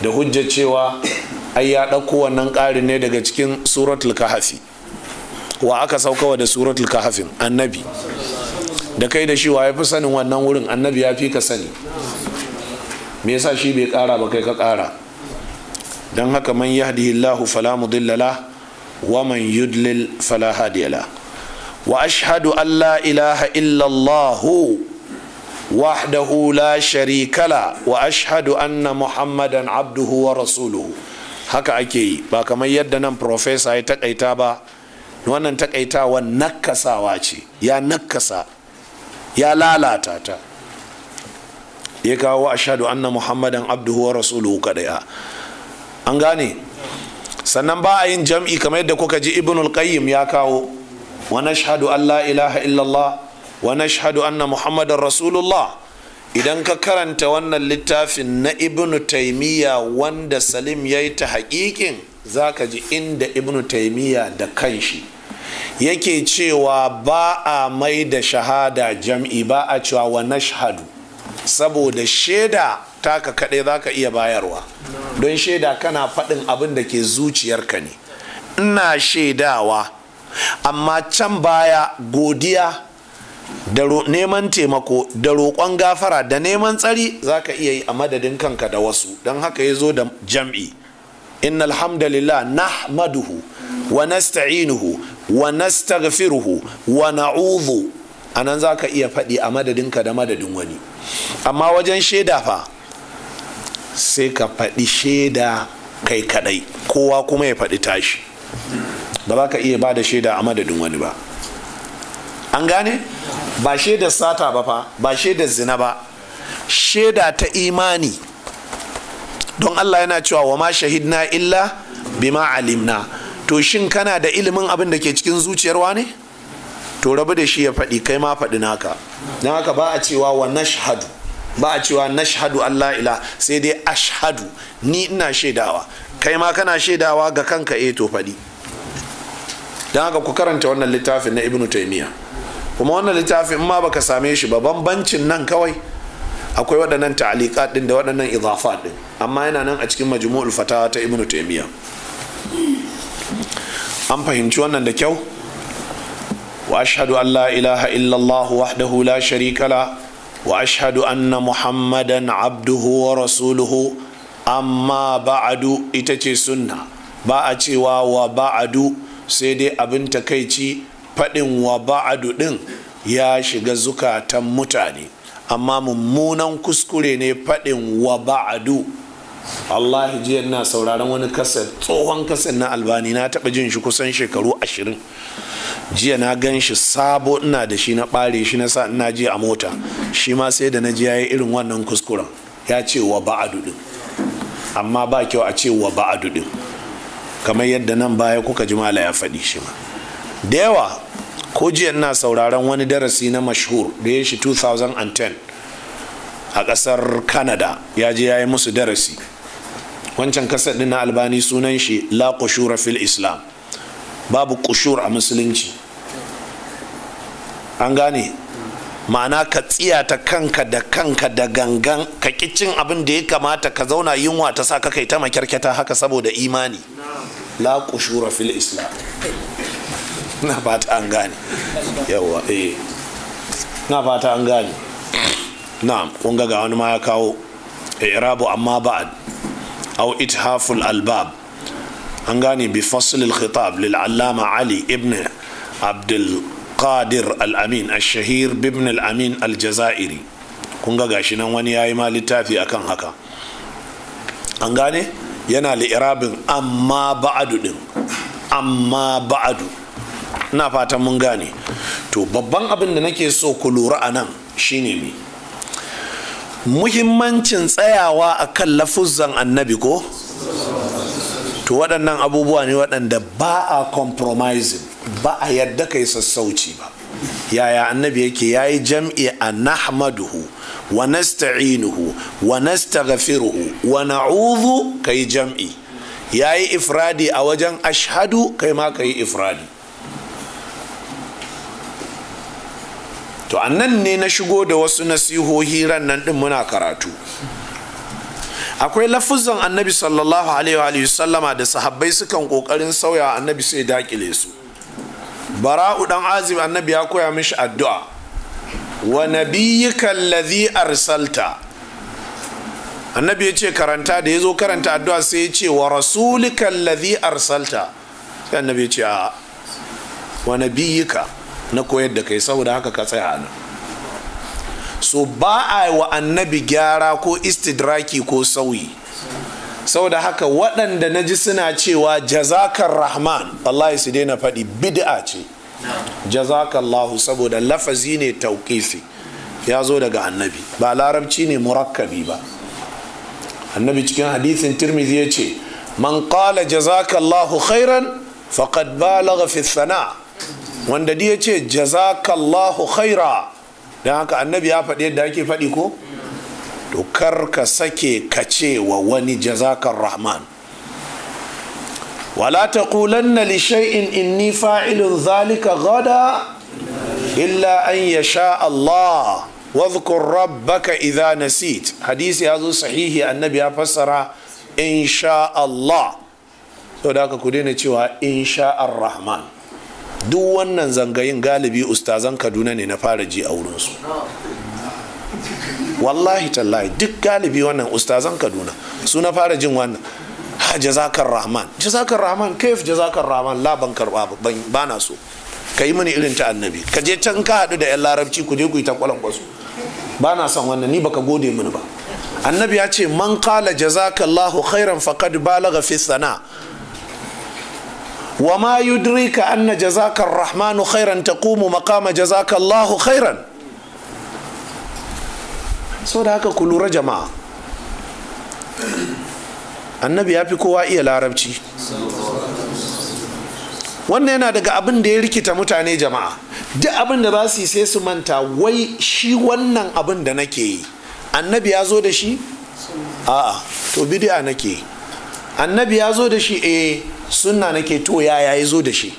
da hujja cewa ai ya ɗauko wannan ƙarin ne daga cikin suratul kahafi wa aka saukawa da suratul kahafin annabi da kai da shi wa ya fi sanin wannan wurin annabi ya fi ka sani me yasa shi bai ƙara ba kai ka ƙara don haka man yahdihillahu fala mudilla la wa man yudlil fala hadiya la wa ashhadu an la ilaha illallah wahdahu la sharika la wa ashhadu anna muhammadan abduhu wa rasuluhu haka ake yi ba kamar yadda nan profesa ya takaita ba wannan takaitawa nakkasawa ce ya nakasa. ya lalata ta ya kawo ashadu anna muhammadan abduhu wa rasuluhu kadai an gane sannan ba a yin jam'i kamar yadda kuka ji ibn qayyim ya kawo wa nashhadu an la ilaha illallah wa nashhadu anna muhammadar rasulullah idan ka karanta wannan littafin na ibn taimiyya wanda salim ya yi ta haƙiƙin za ka ji inda ibn taimiyya da kanshi yake cewa ba a mai da shahada jam'i ba a cewa wa nashhadu saboda shaida taka kaɗai za ka iya bayarwa don shaida kana faɗin abin da ke zuciyarka ne ina shaidawa amma can baya godiya da neman taimako da roƙon gafara da neman tsari za ka iya yi a madadin kanka da wasu don haka ya zo da jam'i inna alhamdulillah nahmaduhu wa nasta'inuhu wa nastaghfiruhu wa na'udhu anan za ka iya faɗi a madadinka da madadin wani amma wajen shaida fa sai ka faɗi shaida kai kaɗai, kowa kuma ya faɗi tashi ba za ka iya ba da shaida a madadin wani ba an gane ba shaidar sata ba fa ba shaidar zina ba shaida ta imani don allah yana cewa wa ma shahidna illa bima alimna to shin kana da ilimin abin da ke cikin zuciyarwa ne to rabu da shi ya faɗi kai ma faɗi naka don haka ba a cewa wa nashhadu ba a cewa nashhadu Allah ila sai dai ashhadu ni ina shaidawa kai ma kana shaidawa ga kanka eh to faɗi don haka ku karanta wannan littafin na ibnu taimiyya kuma wannan littafin ma baka same shi ba bambancin nan kawai akwai waɗannan ta'alika ɗin da waɗannan idafa ɗin amma yana nan a cikin majmu'ul fatawa ta ibnu taimiyya an fahimci wannan da kyau wa ashhadu an la ilaha illallah wahdahu la sharika la واشهد ان محمدا عبده ورسوله amma ba'adu ita ce sunna ba a cewa wa ba'adu sai dai abin takaici faɗin wa ba'adu ɗin ya shiga zukatan mutane amma mummunan kuskure ne faɗin wa ba'adu Allah jiya na sauraron wani kasar tsohon kasar na albani na taɓa jin shi kusan shekaru ashirin jiya na gan shi sabo ina da shi na ɓare shi na sa ina ji a mota shi ma sai da na ji yayi irin wannan kuskuren ya ce wa a din amma ba kyau a ce wa ba'adu din kamar yadda nan baya kuka ji mala ya faɗi shi ma da yawa ko jiya ina sauraron wani darasi na mashhur da ya shi 2010 a ƙasar canada ya je yayi musu darasi wancan kasar din na albani sunan shi la fil islam babu kushur a musulunci an gane ma'ana ka tsiyata kanka da kanka da gangan ka ƙi cin abin da ya kamata ka zauna yunwa ta sa ka kai ta makyarkyata haka saboda imani la kushura fil islam na fata an gane yawa eh na fata an gane na'am kun ga wani ma ya kawo irabu eh, amma ba'ad au ithaful albab an gane bi al khitab lil allama ali ibn abdul qadir al-amin al-shahir ibn al-amin al-jazairi kun ga gashi nan wani yayi ma littafi akan haka an gane yana irabin amma ba'adu din amma ba'adu na fatan mun gane to babban abin da nake so ku lura a nan shine ni. muhimmancin tsayawa akan lafuzan annabi ko to waɗannan abubuwa ne waɗanda ba a compromising ba a yadda kai sassauci ba yaya annabi yake ya yi jam'i a nahmaduhu wa nasta'inuhu wa nastaghfiruhu wa na'udhu kai jam'i ya yi ifradi a wajen ashhadu kai ma ka yi ifradi to annan ne na shigo da wasu nasihohi ran nan din muna karatu akwai lafuzan annabi sallallahu alaihi wa sallama da sahabbai sukan kokarin sauya annabi sai dakile su bara'u dan azim annabi ya koya mishi addu'a wa nabiyyika allazi arsalta annabi ya ce karanta da ya zo karanta addu'a sai ya ce wa rasulika allazi arsalta sai annabi ya ce a wa nabiyyika na koyar da kai saboda haka ka tsaya a nan so ba a wa annabi gyara ko istidraki ko sauyi saboda haka waɗanda na ji suna cewa jazakar rahman wallahi su daina faɗi bid'a ce jazakallahu saboda lafazi ne tauƙifi ya zo daga annabi ba larabci ne murakkabi ba annabi cikin hadithin tirmidhi ya ce man ƙala jazakallahu khairan faqad balagha fi sana wanda ya ce jazakallahu khaira don haka annabi ya faɗi yadda ake faɗi ko to kar ka sake ka ce wa wani jazakar rahman wala ta ƙulanna li shay'in inni fa'ilun zalika gada illa an ya sha Allah wadhkur rabbaka idha nasit hadisi ya zo sahihi annabi ya fassara in sha Allah to da ku daina cewa in sha ar-rahman duk wannan zangayin galibi ustazan kaduna ne na fara ji a wurinsu wallahi tallahi duk galibi wannan ustazan kaduna su na fara jin wannan ha jazakar rahman jazakar rahman kaif jazakar rahman la ban karba ba na so ka yi mini irin ta annabi ka je can ka haɗu da 'yan larabci ku je ku yi ta kwalan kwasu ba na son wannan ni baka gode mini ba annabi ya ce man kala jazakallahu khairan faqad balaga fi sana wa ma yudrika anna jazaka rahmanu khairan kumu maqama jazaka lahu khairan so da haka ku lura jama'a annabi ya fi kowa iya larabci wannan yana daga abin da ya rikita mutane jama'a duk abin da za su yi sai su manta wai shi wannan abin da nake yi annabi ya zo da shi a'a to bidi'a nake annabi ya zo da shi eh sunna nake ke yaya ya zo da shi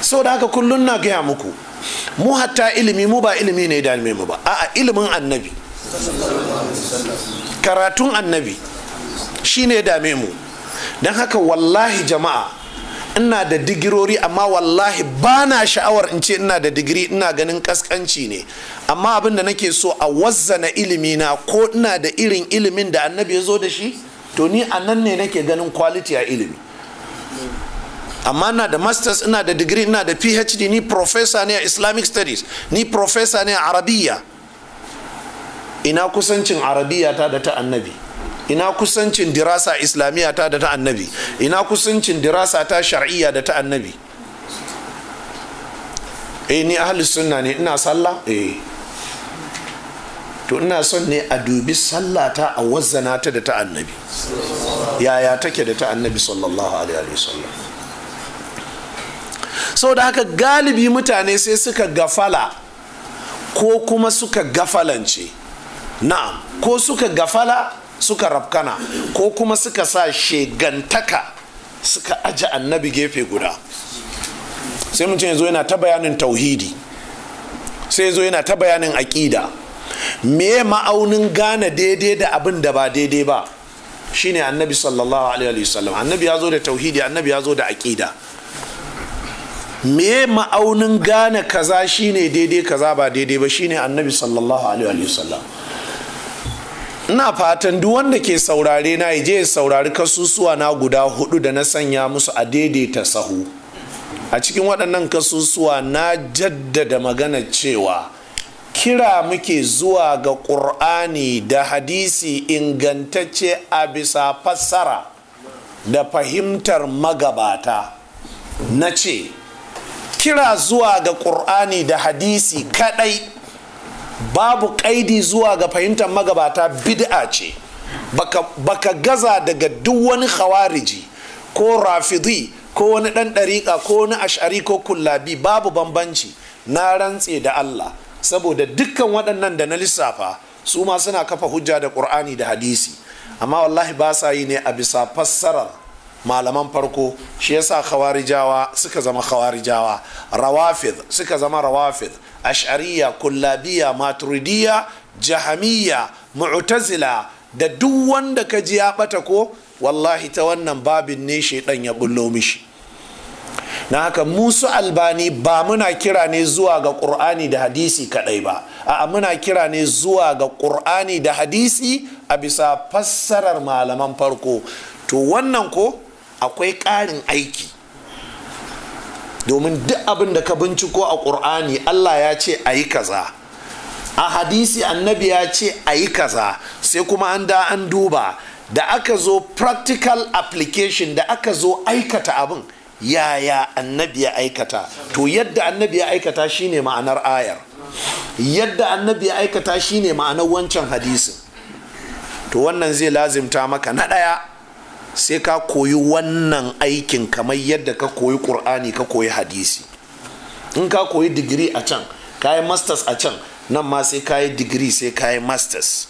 Sau da haka kullum na gaya muku mu hatta ilimi mu ba ilimi ne da mu ba a'a ilimin annabi karatun annabi shi ne dame mu don haka wallahi jama'a ina da digirori amma wallahi ba na sha'awar in ce ina da digiri ina ganin kaskanci ne amma abin da nake so a wazzana na ko ina da irin ilimin da annabi ya zo da shi to ni a nan ne nake ganin quality a ilimi amma na da masters ina da degree ina da phd ni professor ne a islamic studies ni professor ne a arabiya ina kusancin arabiya ta da ta annabi ina kusancin dirasa islamiyya ta da ta annabi ina kusancin dirasa ta shar'iyya da ta annabi eh ni ahli sunna ne ina sallah eh to ina son ne a dubi sallata a wazzana ta da ta annabi yaya take da ta annabi sallallahu alaihi wasallam saboda haka galibi mutane sai suka gafala ko kuma suka gafalance na'am ko suka gafala suka rafkana ko kuma suka sa shegantaka suka aji annabi gefe guda sai mutum ya zo yana ta bayanin tauhidi sai ya zo yana ta bayanin aƙida Me ma'aunin gane daidai da abin da ba daidai ba shine annabi sallallahu alaihi wasallam annabi ya zo da tauhidi annabi ya zo da aƙida me ma'aunin gane kaza shine daidai kaza ba daidai ba shine annabi sallallahu alaihi wasallam ina fatan duk wanda ke saurare na ije ya saurari kasusuwa na guda hudu da na sanya musu a daidaita sahu a cikin waɗannan kasusuwa na jaddada magana cewa kira muke zuwa ga ƙur'ani da hadisi ingantacce a bisa fassara da fahimtar magabata na ce kira zuwa ga ƙur'ani da hadisi kadai babu ƙaidi zuwa ga fahimtar magabata bid'a ce baka, baka gaza daga duk wani khawariji ko rafidi ko wani ɗan ɗariƙa ko wani ashari ko kullabi babu bambanci na rantse da Allah saboda dukkan waɗannan da na lissafa su ma suna kafa hujja da ƙur'ani da hadisi amma wallahi ba sa yi ne a bisa fassarar malaman farko shi yasa khawarijawa suka zama khawarijawa rawafid suka zama rawafid ash'ariya kullabiya maturidiya jahamiya mu'tazila da duk wanda ka ji ya bata ko wallahi ta wannan babin ne shaidan ya bullo mishi na haka musu albani ba muna kira ne zuwa ga ƙur'ani da hadisi kaɗai ba a muna kira ne zuwa ga ƙur'ani da hadisi a bisa fassarar malaman farko to wannan ko akwai ƙarin aiki domin duk abin da ka binciko a ƙur'ani allah ya ce a yi kaza a hadisi annabi ya ce a yi kaza sai kuma an da an duba da aka zo practical application da aka zo aikata abin yaya annabi ya aikata to yadda annabi ya aikata shine ma'anar ayar yadda annabi ya aikata shine ma'anar wancan hadisin to wannan zai lazimta maka na ɗaya sai ka koyi wannan aikin kamar yadda ka koyi ƙur'ani ka koyi hadisi in ka koyi digiri a can ka yi masters a can nan ma sai ka yi digiri sai ka yi masters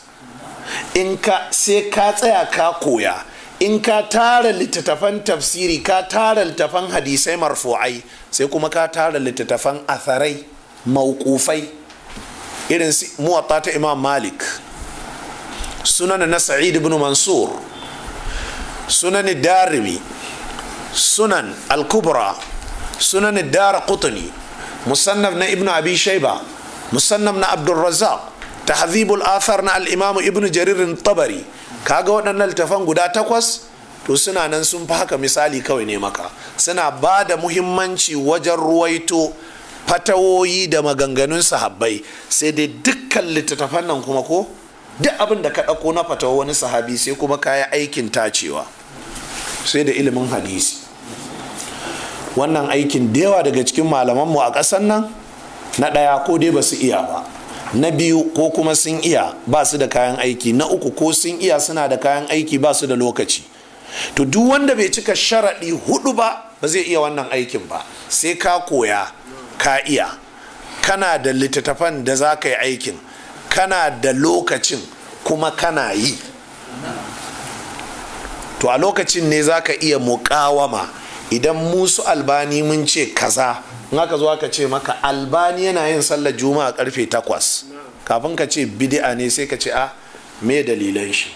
in ka sai ka tsaya ka koya in ka tara littattafan tafsiri ka tara littattafan hadisai marfu'ai sai kuma ka tara littattafan atharai mauƙufai irin muwatta ta imam malik sunan na sa'id ibn mansur sunan darimi sunan al-kubra sunan dara qutni musannaf na ibn abi shaiba musannaf na abdulrazzaq al athar na al-imam ibn jarir tabari kaga waɗannan littafan guda takwas to suna nan sun fi haka misali kawai ne maka suna ba da muhimmanci wajen ruwaito fatawoyi da maganganun sahabbai sai dai dukkan littattafan nan kuma ko duk abin da ka ɗauko na fatawa wani sahabi sai kuma kaya aikin tacewa sai da ilimin hadisi wannan aikin da yawa daga cikin malamanmu a ƙasar nan na ɗaya ko dai ba su iya ba na biyu ko kuma sun iya ba su da kayan aiki na uku ko sun iya suna da kayan aiki ba su da lokaci to duk wanda bai cika sharaɗi hudu ba ba zai iya wannan aikin ba sai ka koya ka iya kana da littattafan da za ka yi aikin kana da lokacin kuma kana yi to a lokacin ne za ka iya muƙawama idan musu albani mun ce kaza in aka zo aka ce maka albani yana yin sallar juma'a karfe takwas kafin ka ce bid'a ne sai ka ce a ah, me dalilan shi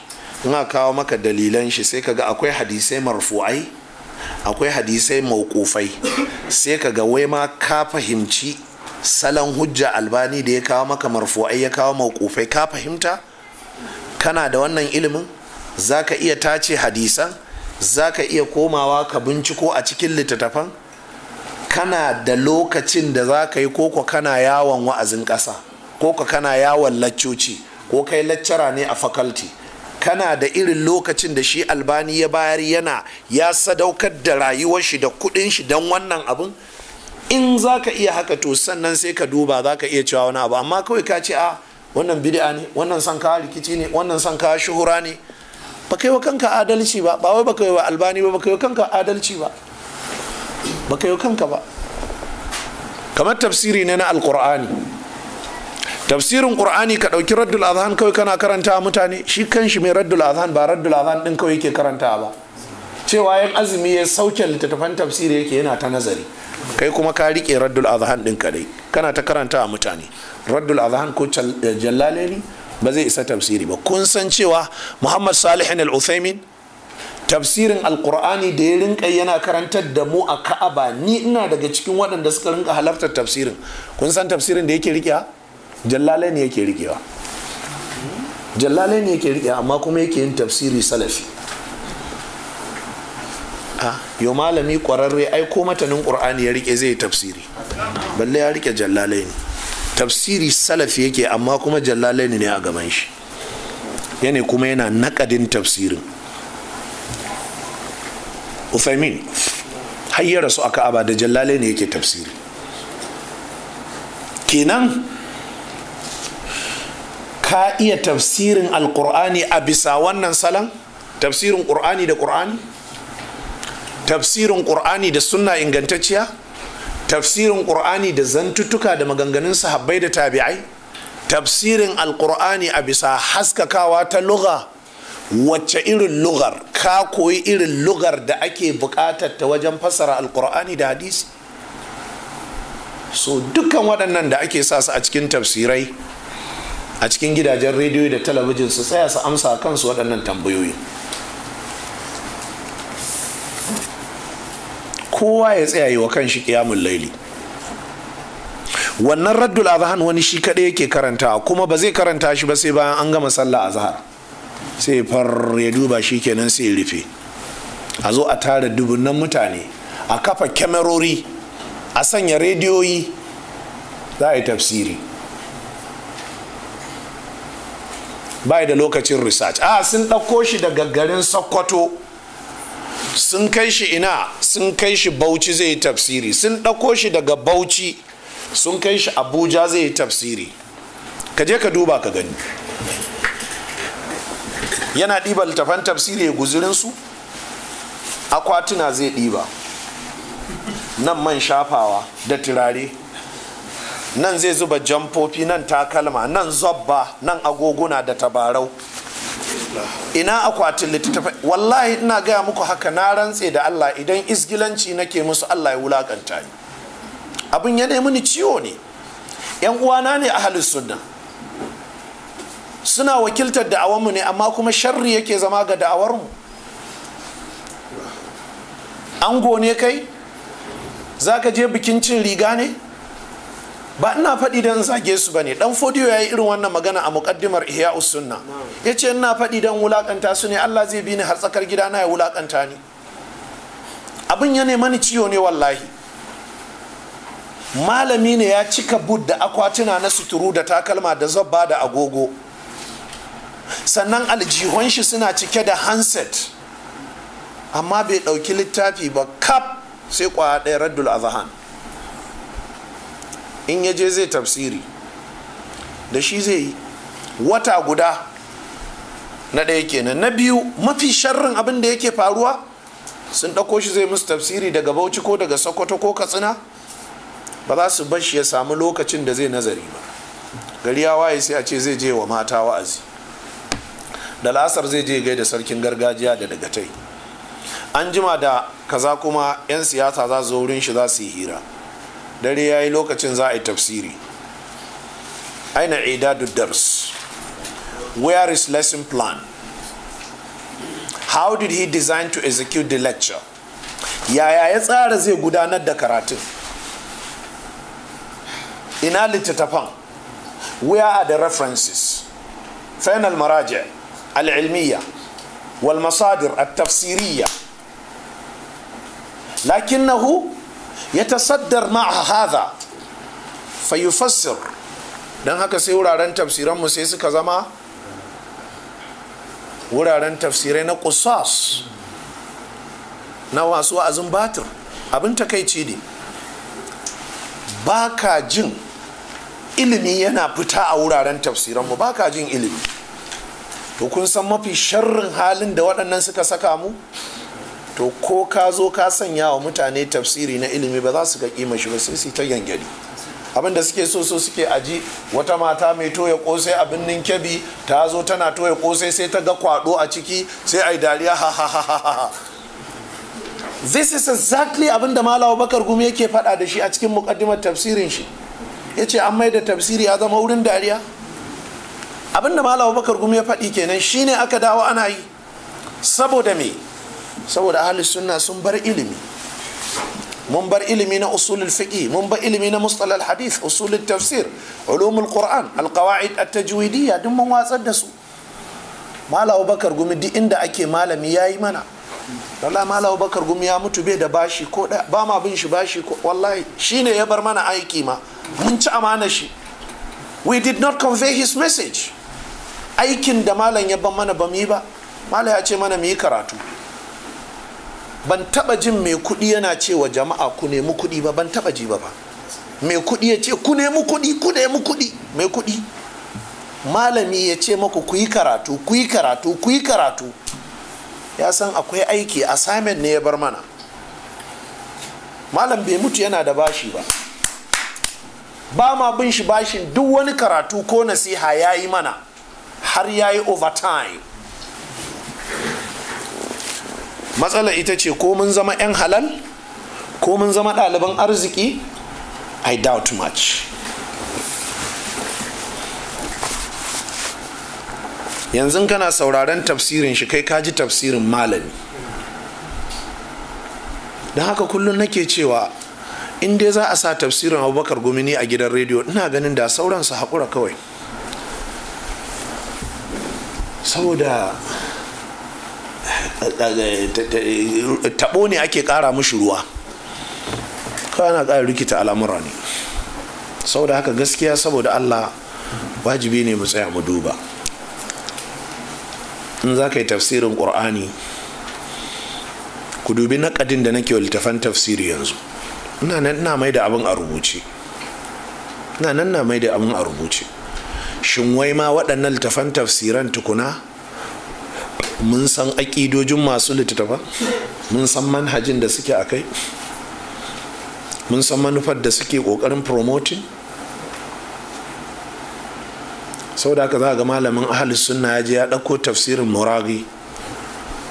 in aka kawo maka dalilan shi sai ka ga akwai hadisai marfu'ai akwai hadisai mauƙufai sai ka ga wai ma ka fahimci salon hujja albani da ya kawo maka marfu'ai ya kawo mauƙufai ka fahimta kana da wannan ilimin za ka iya tace hadisan za ka iya komawa ka binciko a cikin littattafan kana da lokacin da za ka yi koko kana yawon wa'azin ƙasa koko kana yawon laccoci ko kai laccara ne a faculty kana da irin lokacin da shi albani ya bayar yana ya sadaukar da rayuwar shi da kudin shi don wannan abin in za ka iya haka to sannan sai ka duba za ka iya cewa wani abu amma kawai ka ce a ah, wannan bid'a ne wannan san ka rikici ne wannan san ka shuhura ne ba kai wa kanka adalci ba ba wai ba kai wa albani ba ba kai wa kanka adalci ba baka yi kanka ba kamar tafsiri ne na alkur'ani tafsirin qur'ani ka ɗauki raddul azhan kawai kana karanta mutane shi kanshi mai raddul azhan ba raddul azhan ɗin kawai yake karanta ba cewa yan azumi ya sauke littattafan tafsiri yake yana ta nazari kai kuma ka rike raddul azhan din kadai kana ta karanta a mutane raddul azhan ko jallaleni ba zai isa tafsiri ba kun san cewa muhammad salihin al-uthaymin tafsirin alkur'ani da ya rinka yana karantar da mu a ka'aba ni ina daga cikin waɗanda suka rinka halartar tafsirin kun san tafsirin da yake rikewa jallalai ne yake rikewa jallalai ne yake rikewa amma kuma yake yin tafsiri salafi a ah, yau malami kwararre ai ko matanin qur'ani ya rike zai tafsiri balle ya rike jallalai ne tafsiri salafi yake amma kuma jallalai ne a gaban shi yana kuma yana naƙadin tafsirin Uthaymin har ya rasu a Ka'aba da jallale ne yake tafsiri kenan ka iya tafsirin alkur'ani a bisa wannan salon tafsirin ƙur'ani da ƙur'ani tafsirin ƙur'ani da sunna ingantacciya tafsirin ƙur'ani da zantuttuka da maganganun sahabbai da tabi'ai tafsirin alkur'ani a bisa haskakawa ta lugha wacce irin lugar ka koyi irin lugar da ake bukatar ta wajen fasara alkur'ani da hadisi so dukkan waɗannan da ake sa su a cikin tafsirai a cikin gidajen rediyo da talabijin su tsaya su amsa kansu waɗannan tambayoyi kowa ya tsaya yi wa kan shi ƙiyamun laili wannan raddul azhan wani shi kaɗai yake karanta kuma ba zai karanta shi ba sai bayan an gama sallah azhar sai far ya duba shi kenan sai rufe a zo a tara na mutane a kafa kyamarori a sanya rediyoyi za a yi tafsiri bai da lokacin research a ah, sun ɗauko shi daga garin sokoto sun kai shi ina sun kai shi bauchi zai yi tafsiri sun ɗauko shi daga bauchi sun kai shi abuja zai yi tafsiri ka je ka duba ka gani yana ɗiba littafan tafsiri ya guzurin su akwatuna zai ɗiba nan man shafawa da turare nan zai zuba jamfofi nan takalma nan zobba nan agoguna da tabarau ina akwatin littafai wallahi ina gaya muku haka na rantse da allah idan isgilanci nake musu allah ya wulakanta ni abin ya nemi ni ciwo ne yan uwana ne a halin sunan. suna wakiltar da'awarmu ne amma kuma sharri yake zama ga da'awarmu ango ne kai za ka je bikin cin riga ne ba ina faɗi don zage su ba ne ɗan fodiyo ya yi irin wannan magana a muƙaddimar ihya sunna ya ce ina faɗi don wulaƙanta su ne allah zai bi ni har tsakar gida na ya wulaƙanta ni abin ya nema ni ciwo ne wallahi malami ne ya cika bud da akwatuna na suturu da takalma da zabba da agogo sannan aljihon shi suna cike da handset amma bai ɗauki littafi ba kap sai kwaya ɗaya raddul azahan in ya je zai tafsiri da shi zai yi wata guda na ɗaya kenan na biyu mafi sharrin abin da yake faruwa sun ɗauko shi zai musu tafsiri daga bauchi ko daga sokoto ko katsina ba za su bashi ya samu lokacin da zai nazari ba gari ya waye sai a ce zai je wa mata wa'azi da la'asar zai je gaida sarkin gargajiya da dagatai an jima da kaza kuma 'yan siyasa za su zo wurin shi za su yi hira dare ya yi lokacin za a yi tafsiri aina ida dars where is lesson plan how did he design to execute the lecture yaya ya tsara zai gudanar da karatun ina littattafan where are the references final maraja العلمية والمصادر التفسيرية لكنه يتصدر مع هذا فيفسر دان هكا سي وراران تفسيرا موسيس كزما وراران تفسيرين قصاص نواسو أزم باتر أبن تكي تشيدي باكا جن ilimi yana fita a wuraren tafsiranmu ba ka jin ilimi to kun san mafi sharrin halin da waɗannan suka saka mu to ko ka zo ka sanya wa mutane tafsiri na ilimi ba za su ga kima shi ba sai su ta gyangyali abin da suke so so suke aji wata mata mai toya kosai a birnin kebi ta zo tana toya kosai sai ta ga kwado a ciki sai ai dariya ha ha ha ha this is exactly abin da malawa bakar gumi yake faɗa da shi a cikin mukaddimar tafsirin shi ya ce an mai da tafsiri ya zama wurin dariya abinda malam bakar gumi ya faɗi kenan shine aka dawo ana yi saboda me saboda ahli sunna sun bar ilimi mun bar ilimi na usulul fiqi mun bar ilimi na mustalal hadith usulul tafsir ulumul qur'an alqawaid at-tajwidiyya duk mun watsar da su malam bakar gumi duk inda ake malami yayi mana wallahi malam bakar gumi ya mutu bai da bashi ko da ba ma bin shi bashi ko wallahi shine ya bar mana aiki ma mun ci amana shi we did not convey his message aikin da malam ya ban mana ba mu yi ba malam ya ce mana mu yi karatu ban taba jin mai kuɗi yana cewa jama'a ku nemi kuɗi ba ban taba ji ba ba mai kuɗi ya ce ku nemi kuɗi ku nemi kuɗi mai kuɗi malami ya ce maku ku yi karatu ku yi karatu ku yi karatu ya san akwai aiki assignment ne ya bar mana malam bai mutu yana da bashi ba ba ma bin shi bashin duk wani karatu ko nasiha ya yi mana har ya yi overtime matsala ita ce ko mun zama 'yan halal ko mun zama ɗaliban arziki i doubt much yanzu kana sauraron tafsirin shi kai kaji tafsirin malami don haka kullum nake cewa in dai za a sa tafsirin abubakar gumini a gidan rediyo ina ganin da sauransu haƙura kawai saboda taɓo ne ake ƙara mushi ruwa kawai ana ƙara rikita al'amura ne saboda haka gaskiya saboda allah wajibi ne mu tsaya mu duba in za ka yi tafsirin ƙur'ani ku dubi naƙadin da nake littafan tafsiri yanzu ina nan na mai da abin a rubuce ina nan na mai da abin a rubuce shin wai ma waɗannan littafan tafsiran tukuna mun san aƙidojin masu littattafa mun san manhajin da suke a kai mun san manufar da suke ƙoƙarin promoting sau da haka za ga malamin ahalus sunna ya je ya ɗauko tafsirin muragi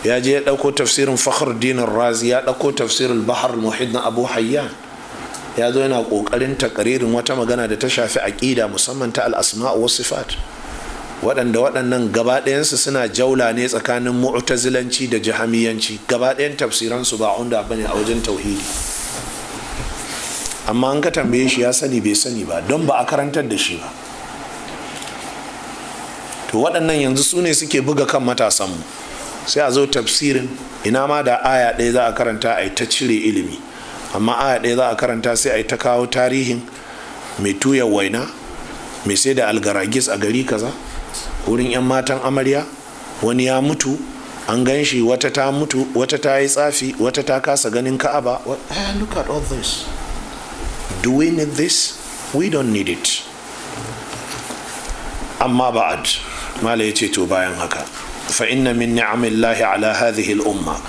ya je ya ɗauko tafsirin dinar razi ya ɗauko tafsirin bahar muhid na abu hayyan ya zo yana ƙoƙarin takaririn wata magana da ta shafi aƙida musamman ta al'asma wasu sifat waɗanda waɗannan gabaɗayansu suna jaula ne tsakanin mu'tazilanci da jahamiyanci gabaɗayan tafsiransu ba unda ba ne a wajen tauhidi amma an ka tambaye shi ya sani bai sani ba don ba a karantar da shi ba to waɗannan yanzu su ne suke buga kan matasanmu sai a zo tafsirin ina ma da aya ɗaya za a karanta a ta cire ilimi amma aya ɗaya za a karanta sai a yi ta kawo tarihin mai tuya waina mai sai da algaragis a gari kaza wurin 'yan matan amarya wani ya mutu an gan shi wata ta mutu wata ta yi tsafi wata ta kasa ganin ka'aba eh, look at all this do we need this we don't need it amma ba'ad mala ya ce to bayan haka fa inna min ni'amillahi ala hadhihi umma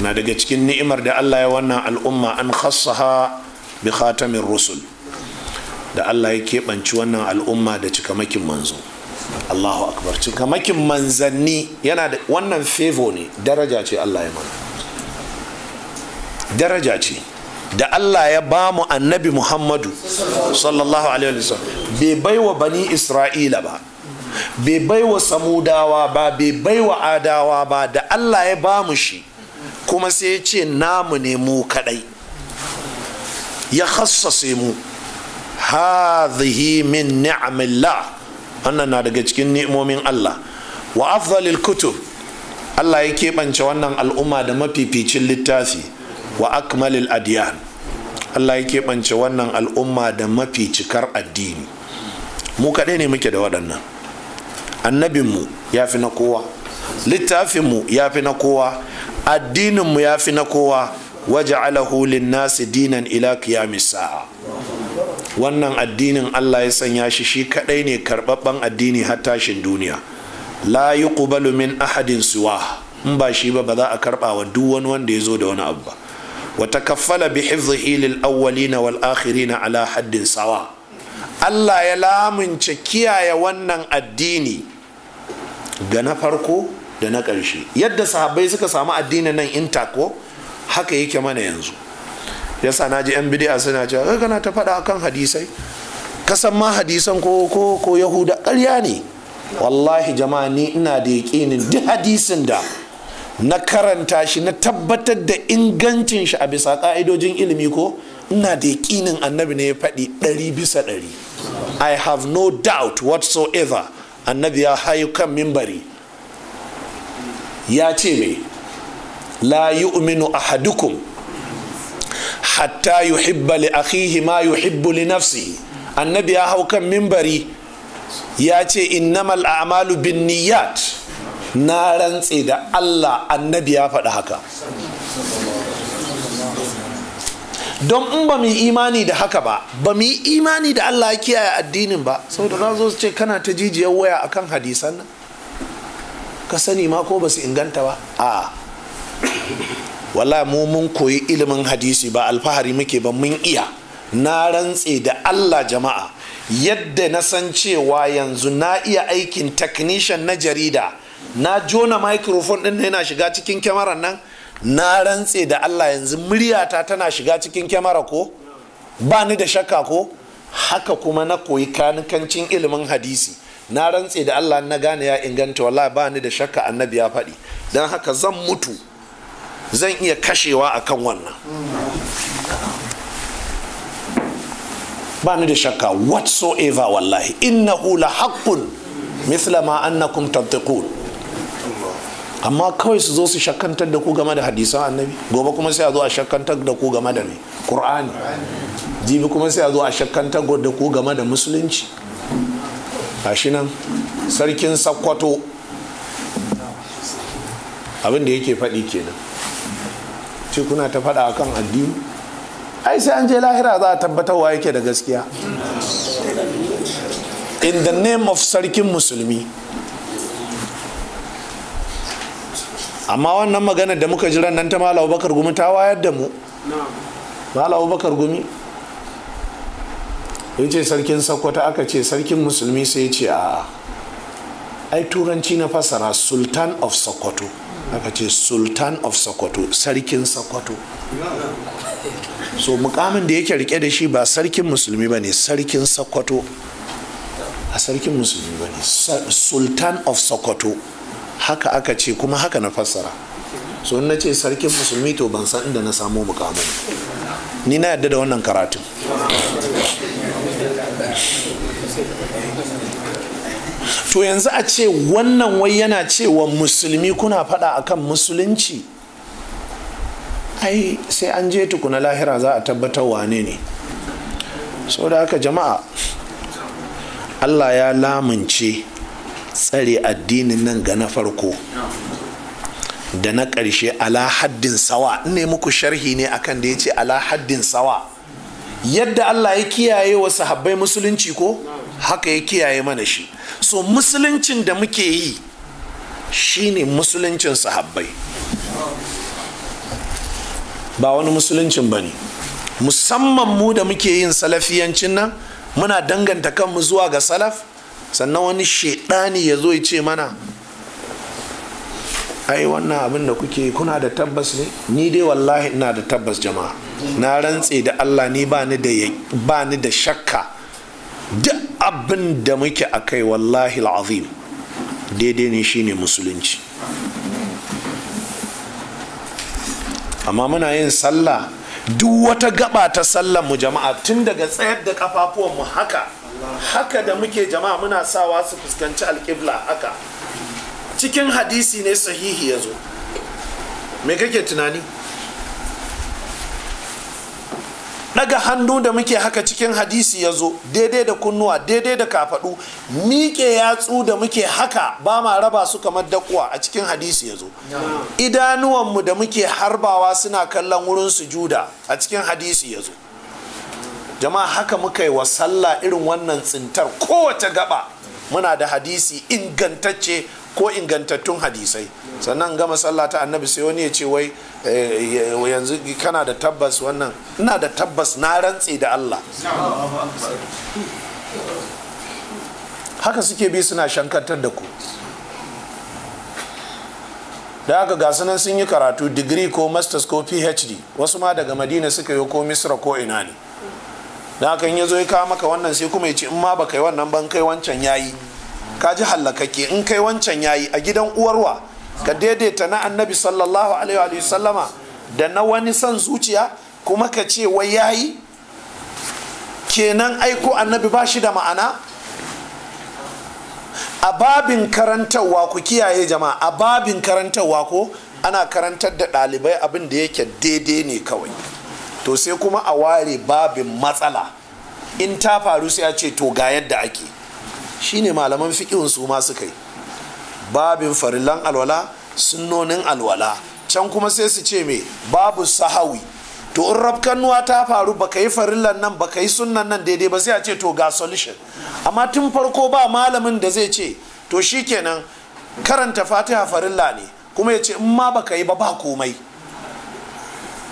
na daga cikin ni'imar da Allah ya wannan al'umma an khassaha bi khatamin rusul da Allah ya keɓanci wannan al'umma da cikamakin manzo Allahu akbar cikamakin manzanni yana da wannan favor ne daraja ce Allah ya mana daraja ce da Allah ya ba mu annabi Muhammadu sallallahu alaihi wasallam bai baiwa bani Isra'ila ba bai baiwa samudawa ba bai baiwa adawa ba da allah ya ba mu shi kuma sai ya ce namu ne mu kadai ya khassase mu hadhihi min ni'amillah wannan na daga cikin ni'imomin allah wa afdalil kutub allah ya keɓance wannan al'umma da mafificin littafi wa akmalil adiyan allah ya keɓance wannan al'umma da mafi cikar addini mu kaɗai ne muke da waɗannan annabinmu ya fi na kowa littafinmu ya fi na kowa addininmu ya fi na kowa waje alahulin nasi dinan ila kiyamisa wannan addinin Allah ya sanya shi shi kadai ne karbabban addini har tashin duniya la yi min ahadin suwa in ba shi ba ba za a karba wa duk wani wanda ya zo da wani abu ba kaffala takaffala bi hifdhihi lil na wal na ala haddin sawa Allah ya lamunce kiyaye wannan addini da na farko da na ƙarshe yadda sahabbai suka samu addinin nan intako haka yake mana yanzu yasa na ji 'yan bidiya suna cewa kai kana ta faɗa akan hadisai kasan ma hadisan ko ko yahuda ƙarya ne wallahi jama'a ni ina da yaƙinin duk hadisin da na karanta shi na tabbatar da ingancin shi a bisa ƙa'idojin ilimi ko ina da yaƙinin annabi ne ya faɗi ɗari bisa ɗari i have no doubt whatsoever annabi ya hayu kan mimbari ya ce mai la yu'minu ahadukum hatta yuhibba li akhihi ma yuhibbu li nafsi annabi ya hau kan mimbari ya ce innamal a'malu bin niyyat na rantse da Allah annabi ya faɗi haka don in ba mu yi imani da haka ba ba mu yi imani da Allah kiyaye addinin ba saboda na zo su ce kana ta jijiyar waya akan hadisan nan ka sani ma ko ba su inganta ba a wala mu mun koyi ilimin hadisi ba alfahari muke ba mun iya na rantse da Allah jama'a yadda na san cewa yanzu na iya aikin technician na jarida na jona microphone din yana shiga cikin kyamarar nan na rantse da Allah yanzu muryata tana shiga cikin kyamara ko ba ni da shakka ko haka kuma na koyi kanikancin ilimin hadisi na rantse da Allah na gane ya inganta wallahi ba ni da shakka annabi ya faɗi don haka zan mutu zan iya kashewa akan wannan ba ni da shakka whatsoever wallahi innahu la haqqun mithla ma annakum tattaqun amma kawai su zo su shakkantar da ku game da hadisan annabi gobe kuma sai a zo a shakkantar da ku game da ne qur'ani jibi kuma sai a zo a shakkantar da ku game da musulunci shi nan sarkin sakkwato abin da yake faɗi kenan ce kuna ta faɗa akan addini ai sai an je lahira za a tabbatarwa yake da gaskiya in the name of sarkin musulmi amma wannan magana da muka jira nan ta malam abubakar gumi ta wayar da mu malam abubakar gumi ya ce sarkin sakwata aka ce sarkin musulmi sai ce a ai turanci na fasara sultan of sokoto aka ce sultan of sokoto sarkin sokoto so mukamin da yake rike da shi ba sarkin musulmi ba ne sarkin sokoto a sarkin musulmi ba ne sultan of sokoto haka aka ce kuma haka na fassara so na ce sarkin musulmi to ban san inda na samu mukamu ni na yadda da wannan karatu to yanzu a ce wannan wai yana cewa musulmi kuna faɗa akan musulunci ai sai an je tukuna lahira za a tabbatar wane ne so da haka jama'a allah ya lamunce tsare addinin nan ga na farko da na ƙarshe ala haddin sawa ne muku sharhi ne akan da ya ce ala haddin sawa yadda Allah ya kiyaye wa sahabbai musulunci ko haka ya kiyaye mana shi so musuluncin da muke yi shine musuluncin sahabbai ba wani musuluncin ba ne musamman mu da muke yin salafiyancin nan muna danganta kanmu zuwa ga salaf sannan wani shaidani ya zo ya ce mana ai wannan abin da kuke kuna da tabbas ne ni dai wallahi ina da tabbas jama'a na rantse da Allah ni ba ni da shakka duk abin da muke kai wallahi al-azim. daidai ne shine musulunci amma muna yin sallah duk wata gaba ta sallar mu jama'a tun daga tsayar da kafafuwan mu haka haka da muke jama'a muna sawa su fuskanci alƙibla haka cikin hadisi ne sahihi ya zo me kake tunani daga hannu da muke haka cikin hadisi ya zo daidai da kunnuwa daidai da kafaɗu miƙe yatsu da muke haka ba ma raba su kamar dakuwa a cikin hadisi ya zo idanuwanmu da muke harbawa suna kallon wurin sujuda a cikin hadisi ya zo jama'a haka muka yi wa sallah irin wannan tsintar kowace gaba muna da hadisi ingantacce ko ingantattun hadisai sannan gama sallah ta annabi sai wani ya ce wai eh, eh, yanzu kana da tabbas wannan ina da tabbas na rantse da Allah haka suke bi suna shankantar da ku da aka ga nan sun yi karatu digiri ko masters ko phd wasu ma daga madina suka yi ko misra ko ina ne na kan ya zo ya kawo maka wannan sai kuma ya ce in ma ba kai wannan ban kai wancan yayi ka ji hallakakke in kai wancan yayi a gidan uwarwa ka daidaita na annabi sallallahu alaihi wa sallama da na wani san zuciya kuma ka ce wai yayi kenan aiko annabi ba shi da ma'ana a babin karantarwa ku kiyaye jama'a a babin karantarwa ko ana karantar da ɗalibai abin da yake daidai ne kawai to sai kuma a ware babin matsala in ta faru sai a ce to ga yadda ake shine malaman fiƙin su ma suka yi babin farillan alwala sunnonin alwala can kuma sai su ce me babu sahawi to in rafkanuwa ta faru baka yi farillan nan baka yi sunnan nan daidai ba sai a ce to ga solution amma tun farko ba malamin da zai ce to shi shikenan karanta fatiha farilla ne kuma ya ce in ma baka yi ba ba komai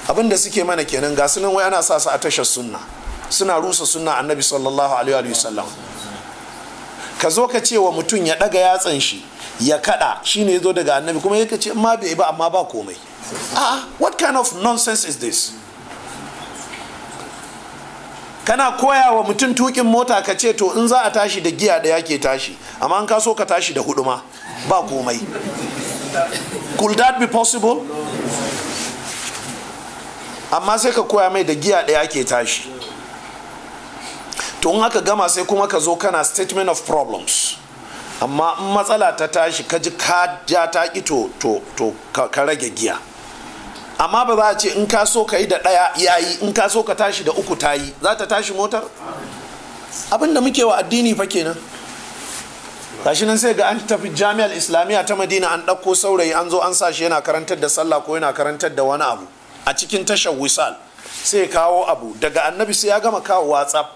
abin da suke mana kenan ga sunan wai ana sa su a tashar sunna suna rusa sunna annabi sallallahu alaihi wasallam ka zo ka ce wa mutum ya daga yatsan shi ya kada shine ya zo daga annabi kuma yake ce ma bai ba amma ba komai ah what kind of nonsense is this kana koya wa mutum tukin mota ka ce to in za a tashi da giya da yake tashi amma an kaso ka tashi da hudu ma ba komai could that be possible amma sai ka koya mai da giya ɗaya ke tashi to in haka gama sai kuma ka zo kana statement of problems amma in matsala ta tashi ka ji ka ja ta ki to ka rage giya amma ba za a ce in ka so ka yi da ɗaya yayi in ka so ka tashi da uku ta yi za ta tashi motar abin da muke wa addini fa kenan gashi nan sai ga an tafi jami'ar islamiyya ta madina an ɗauko saurayi an zo an sa shi yana karantar da sallah ko yana karantar da wani abu a cikin tashar wisal sai kawo abu daga annabi sai ya gama kawo whatsapp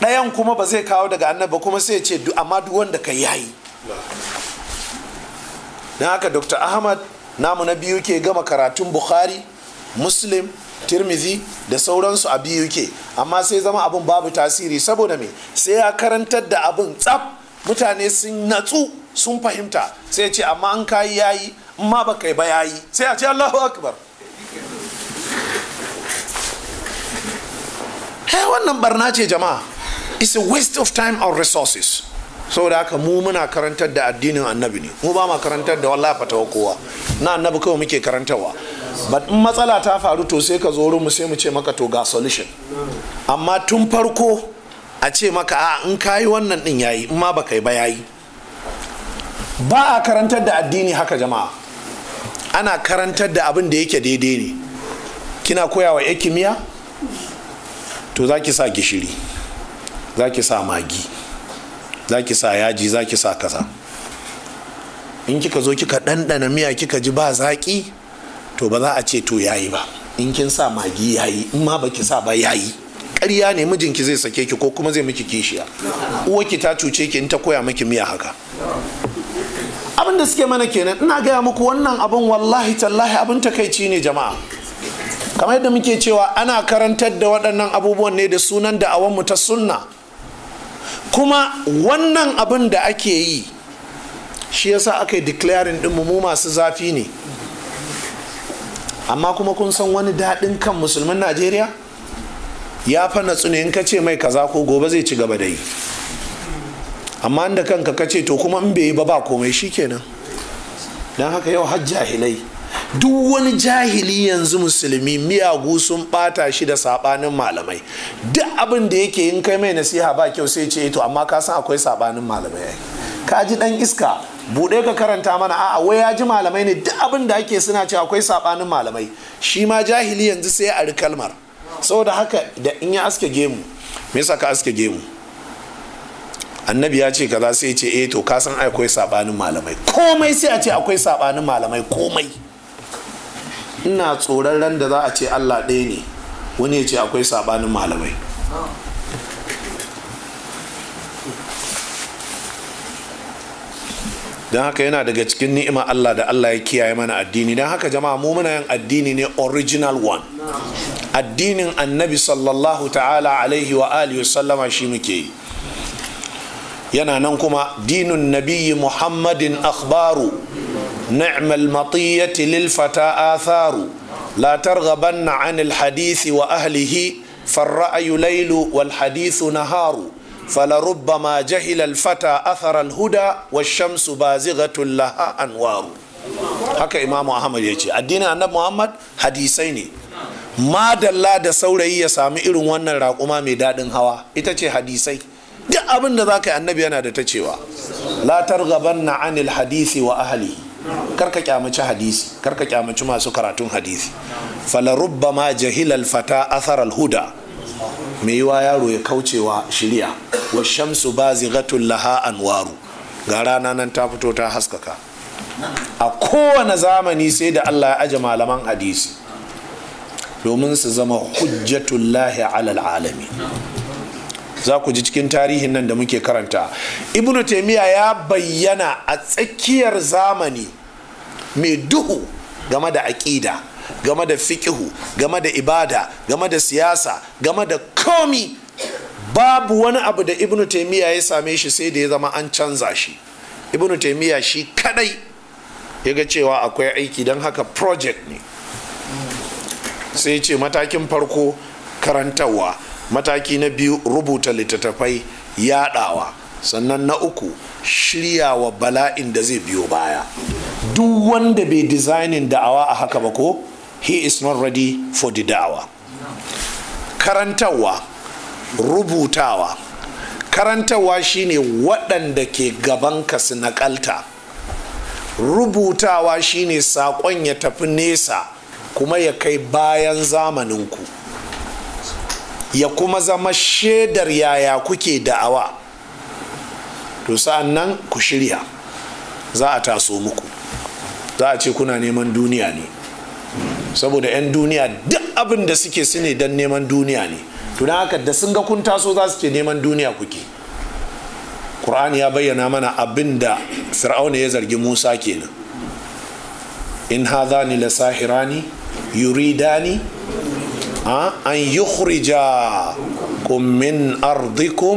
ɗayan kuma ba zai kawo daga annabi kuma sai ce amma duk wanda ka yayi na haka dr ahmad namu na biyu ke gama karatun bukhari muslim tirmizi da sauransu a biyu ke amma sai zama abun babu tasiri saboda me sai ya karantar da abin tsaf mutane sun natsu sun fahimta sai ce amma an kayi yayi in ma ba kai ba yayi sai a ce allahu akbar hey, wannan barna ce jama'a it's a waste of time and resources saboda haka mu muna karantar da addinin annabi ne mu ba ma karantar da wallahi fatawa kowa na annabi kawai muke karantarwa but in matsala ta faru to sai ka zo mu sai mu ce maka to ga solution amma tun farko a ce maka a in kayi wannan din yayi in ma baka yi ba yayi ba a karantar da addini haka jama'a ana karantar da abin da yake daidai ne kina koyawa wa kimiyya to za ki sa gishiri za ki sa magi za ki sa yaji za ki sa kaza in kika zo kika ɗanɗana miya kika ji ba zaƙi to ba za a ce to yayi ba in kin sa magi yayi in ma baki sa ba yayi ƙarya ne mijinki zai sake ki ko kuma zai miki kishiya uwarki ta cuce ki in ta koya miki miya haka abin da suke mana kenan ina gaya muku wannan abin wallahi tallahi abin takaici ne jama'a kamar yadda muke cewa ana karantar da waɗannan abubuwan ne da sunan da awanmu ta sunna kuma wannan abin da ake yi shi yasa aka yi declaring ɗinmu mu masu zafi ne amma kuma kun san wani daɗin kan musulmin najeriya ya fa natsu ne in ka ce mai kaza ko gobe zai ci gaba da yi amma inda kanka ka ce to kuma in bai yi ba ba komai kenan don haka yau har jahilai duk wani jahili yanzu musulmi miyagu sun bata shi da sabanin malamai duk abin da yake in kai mai nasiha ba kyau sai ce eh, to amma ka san akwai sabanin malamai ka ji dan iska bude ka karanta mana a'a wai ya ji malamai ne duk abin da ake suna cewa akwai sabanin malamai shi ma jahili yanzu sai a kalmar saboda haka da in ya aske gemu me yasa ka aske gemu annabi ya ce kaza sai ce eh to ka san akwai sabanin malamai komai sai a ce akwai sabanin malamai komai ina tsoron ran da za a ce allah ɗaya ne wani ya ce akwai sabanin malamai don haka yana daga cikin ni'ima allah da allah ya kiyaye mana addini don haka jama'a mu muna yin addini ne original one addinin annabi sallallahu ta'ala alaihi wa alihi sallama shi muke yi yana nan kuma dinun nabiyyi muhammadin akhbaru ni'mal matiyati lil fata atharu la wa ahlihi فالرأي ليل والحديث نهار فلربما جهل الفتى أثر الهدى والشمس بازغة لها أنوار haka imamu ahmad ya ce addinin annabi muhammad hadisai ne madalla da saurayi ya sami irin wannan raƙuma mai daɗin hawa ita ce hadisai duk abin da za ka yi annabi yana da ta cewa la na anil hadisi wa ahali karka kyamaci hadisi karka kyamaci masu karatun hadisi falarubba ma jahilal fata asar alhuda mai yiwa yaro ya kaucewa shirya wa shamsu ba zigatun laha anwaru ga rana nan ta fito ta haskaka a kowane zamani sai da Allah ya aje malaman hadisi domin su zama hujjatullahi alal alami. za ku ji cikin tarihin nan da muke karanta ibnu taimiyya ya bayyana a tsakiyar zamani mai duhu game da aƙida game da fiƙihu, game da ibada game da siyasa game da komi babu wani abu da ibnu taimiyya ya same shi sai da ya zama an canza shi ibnu taimiyya shi kadai ya ga cewa akwai aiki don haka project ne sai ce matakin farko karantarwa mataki na biyu rubuta littattafai yadawa sannan na uku shiryawa bala'in da zai biyo baya duk wanda bai designing da'awa a haka ba ko he is not ready for the da'awa karantarwa rubutawa karantarwa shine waɗanda ke gaban ka su nakalta rubutawa shine saƙon ya tafi nesa kuma ya kai bayan zamaninku ya kuma zama shaidar yaya kuke da'awa to sa'an nan ku shirya za a taso muku za a ce kuna neman duniya ne saboda 'yan duniya duk abin da suke su ne don neman duniya ne tuna haka da sun ga kun taso za su ce neman duniya kuke ƙur'ani ya bayyana mana abin da fir'auna ya zargi musa kenan in ni la sahirani yuridani أن يخرجكم من أرضكم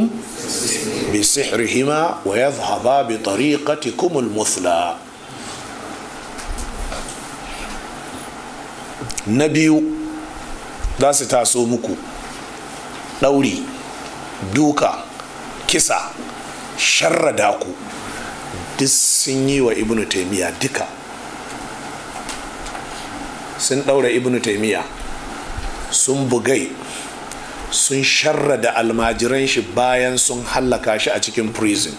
بسحرهما ويذهبا بطريقتكم المثلى نبي لا ستاسومك دوري دوكا كسا شرداكو داكو دسني وابن تيمية دكا سن دورة ابن تيمية sun bugai sun sharrada almajiran shi bayan sun hallaka shi a cikin prison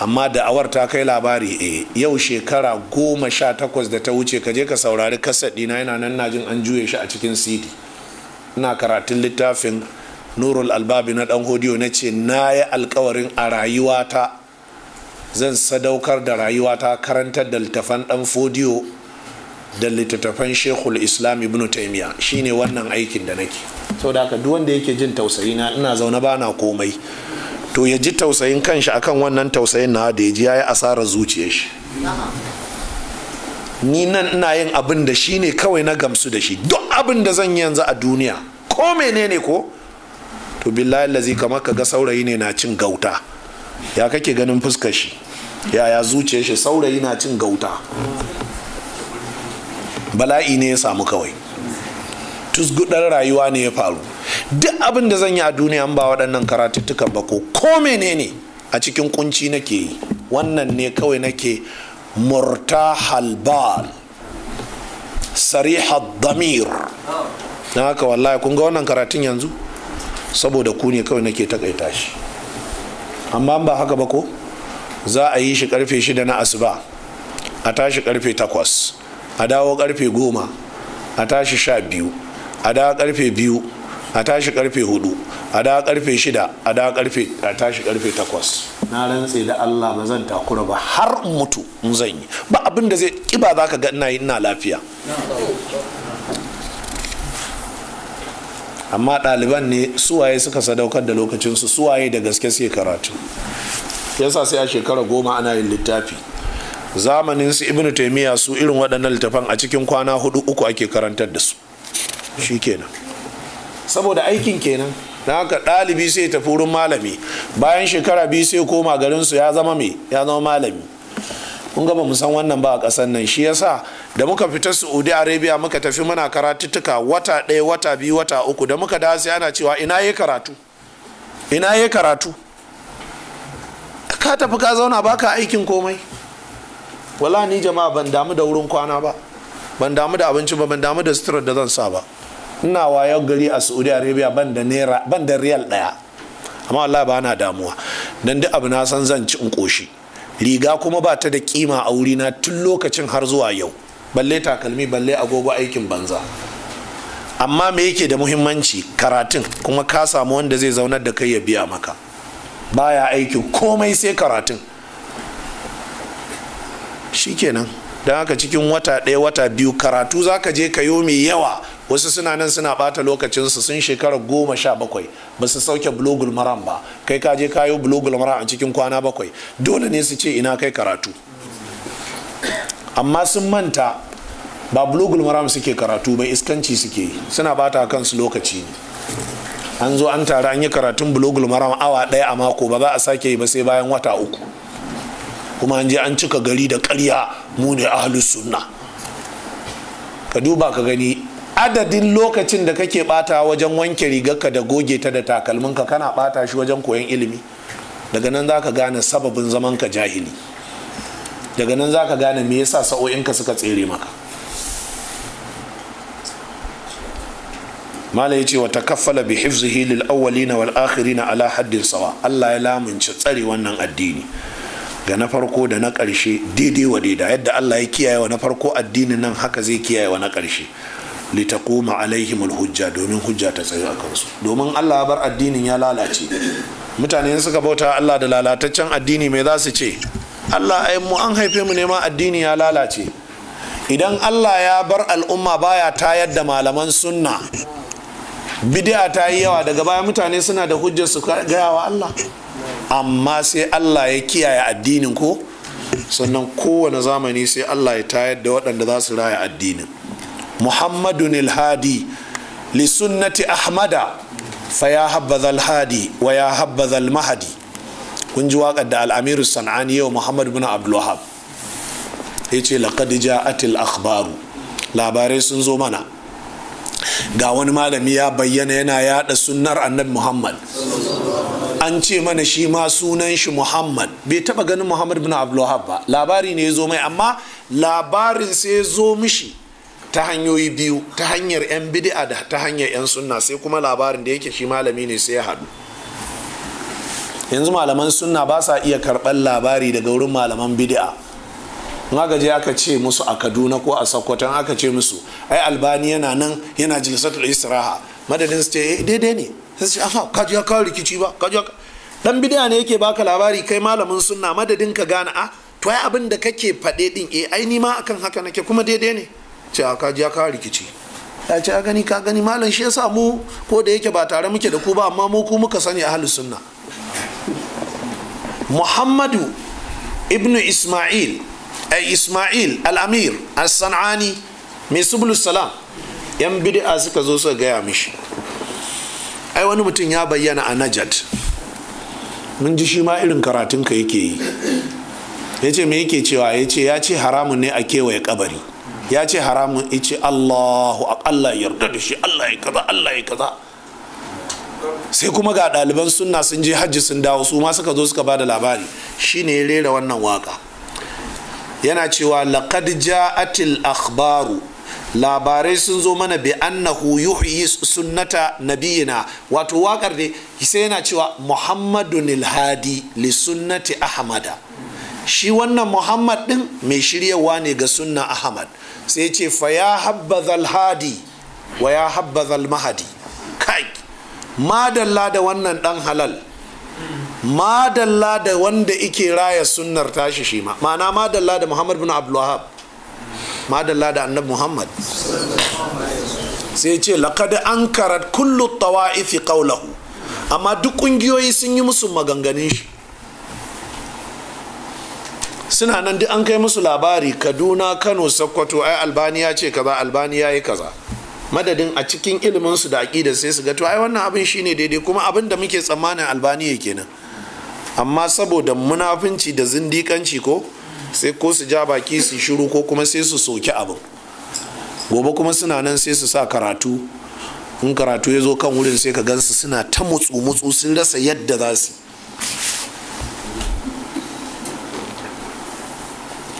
amma da awar ta kai labari e yau shekara goma sha takwas da ta wuce ka je ka saurari kasaɗi na yana nan najin an juye shi a cikin cd ina karatun littafin nurul albabi na dan hodiyo na ce na yi alkawarin a rayuwata zan sadaukar da rayuwata karantar da littafan dan fodiyo da littattafan shekul islam ibn taimiya shine wannan aikin da nake da haka duk wanda yake jin tausayi na ina zaune ba na komai to ya ji tausayin kanshi akan wannan tausayin na da ya ji yayi asarar zuciyar shi ni nan ina yin abin da shi ne kawai na gamsu da shi duk abin da zan yi yanzu a duniya ko menene ko to billahi lazi kamar ka ga saurayi ne na cin gauta ya kake ganin fuskar shi yaya zuciyar shi saurayi na cin gauta bala'i ne ya samu kawai tusgudar rayuwa ne ya faru duk abin da zan yi a duniya ba waɗannan karatuttukan ba ko ko menene a cikin kunci nake yi wannan ne kawai nake murta halbal sarihar damir na haka wallahi kun ga wannan karatun yanzu saboda ku ne kawai nake takaita shi amma ba haka ba ko za a yi shi karfe shida na asuba a tashi karfe takwas a dawo karfe goma a tashi sha biyu a dawo karfe biyu a tashi karfe hudu a dawo karfe shida a dawo karfe a tashi karfe takwas na rantse da Allah ba zan takura ba har mutu in zan yi ba abin da zai kiba za ka ga ina yi ina lafiya amma ɗaliban ne suwaye suka sadaukar da lokacinsu suwaye da gaske suke karatu yasa sai a shekara goma ana yin littafi zamanin su ibnu taimiyya su irin waɗannan littafan a cikin kwana hudu uku ake karantar da su kenan saboda aikin kenan na haka ɗalibi sai tafi wurin malami bayan shekara biyu sai koma garin su ya zama mai ya zama malami kun gaba mu san wannan ba a ƙasar nan shi yasa da muka fita saudi arabia muka tafi muna karatuttuka wata ɗaya wata biyu wata uku da muka dawo sai ana cewa ina yi karatu ina yi karatu ka tafi ka zauna baka aikin komai wala ni jama'a ban damu da wurin kwana ba ban damu da abinci ba ban damu da sutura da zan sa ba ina wayo gari a saudi arabia ban da naira ban riyal daya amma Allah ba na damuwa dan duk abu na san zan ci in koshi riga kuma ba ta da kima a wuri na tun lokacin har zuwa yau balle takalmi balle agogo aikin banza amma me yake da muhimmanci karatun kuma ka samu wanda zai zaunar da kai ya biya maka baya aiki komai sai karatun shikenan don haka cikin wata ɗaya wata biyu karatu za ka je ka yo mai yawa wasu suna nan suna bata lokacinsu sun shekara goma sha bakwai ba su sauke bulogul maram ba kai ka je kayo bulogul maran a cikin kwana bakwai dole ne su ce ina kai karatu amma sun manta ba bulogul maram suke karatu ba iskanci suke suna bata kansu lokaci ne an zo an taru an yi karatun bulogul maram awa ɗaya a mako ba za a sake yi ba sai bayan wata uku kuma an je an cika gari da karya mu ne ahlus sunna ka duba ka gani adadin lokacin da kake bata wajen wanke rigarka da goge ta da takalminka kana bata shi wajen koyon ilimi daga nan za ka gane sababin zaman ka jahili daga nan za ka gane me yasa sa'o'inka suka tsere maka mala ce wata takaffala bi hifzihi lil awwalina wal akhirina ala haddin sawa Allah ya lamunci tsare wannan addini ga na farko da na ƙarshe daidai wa daidai yadda Allah ya kiyaye wa na farko addinin nan haka zai kiyaye wa na ƙarshe litakuma alaihim hujja domin hujja ta tsaye a kansu domin Allah bar addinin ya lalace mutane suka bauta Allah da lalataccen addini mai za su ce Allah ai mu an haife mu ne ma addini ya lalace idan Allah ya bar al'umma baya ta yadda malaman sunna bid'a ta yi yawa daga baya mutane suna da hujjar su gaya wa Allah amma sai Allah ya kiyaye addinin ko sannan kowane zamani sai Allah ya tayar da waɗanda za su raya addinin muhammadun ilhadi li sunnati ahmada fa ya habbaza alhadi wa ya habbaza almahadi kun ji waƙar da al'amiru san'ani yau muhammad bin abdulwahab ya ce laqad ja'atil akhbaru labarai sun zo mana ga wani malami ya bayyana yana yada sunnar annabi muhammad an ce mana shi ma sunan shi muhammad bai taba ganin muhammad bin abdullahab ba labari ne ya zo mai amma labarin sai ya zo mishi ta hanyoyi biyu ta hanyar 'yan bid'a da ta hanyar 'yan sunna sai kuma labarin da yake shi malami ne sai ya haɗu yanzu malaman sunna ba sa iya karɓar labari daga wurin malaman bid'a magaji aka ce musu a kaduna ko a sokoton aka ce musu ai albani yana nan yana jilsatul israha madadin su ce eh, daidai ne sai ce aha kaji ya kawo rikici ba kaji dan bidiya ne yake baka labari kai malamin sunna madadin ka gane a ah, to ai abin da kake fade din eh ai ni ma akan haka nake kuma daidai ne ce a ah, kaji ya kawo rikici ya ce a gani ka gani malam shi yasa mu ko da yake ba tare muke da ku ba amma mu ku muka sani ahlus sunna muhammadu ibnu isma'il ai eh, isma'il al-amir al sanani mai subul salam yan bidi'a suka zo suka gaya mishi ai wani mutum ya bayyana a najat mun ji shi ma irin karatunka yake yi ya ce me yake cewa ya ce ya ce haramun ne a kewaye kabari ya ce haramun ya allahu allah yarda da shi allah ya kaza allah ya kaza sai kuma ga ɗaliban sunna sun je hajji sun dawo su ma suka zo suka ba da labari shine ya rera wannan waka yana cewa laqad ja'atil akhbaru labarai sun zo mana bi annahu yuhyi sunnata nabiyina wato waƙar da sai yana cewa Muhammadu Nilhadi li sunnati ahmada shi wannan muhammad din mai shiryawa ne ga sunna ahmad sai ce fa ya habbazal hadi wa ya habbazal mahadi kai madalla da wannan dan halal madalla da wanda ike raya sunnar tashi shi ma ma'ana madalla da muhammad bin abdulwahab madalla da annabi muhammad sai ce laqad ankarat kullu tawa'ifi qawlahu amma duk kungiyoyi sun yi musu maganganun shi suna nan duk an kai musu labari kaduna kano sakkwato ai albaniya ce kaza albaniya yi kaza madadin a cikin iliminsu da aƙida sai su ga to ai wannan abin shine daidai kuma abin da muke tsammanin albaniya kenan amma saboda munafinci da zindikanci ko sai ko su ja baki su shiru ko kuma sai su soki abin gobe kuma suna nan sai su sa karatu in karatu ya zo kan wurin sai ka gansu suna ta mutsu-mutsu sun rasa yadda za su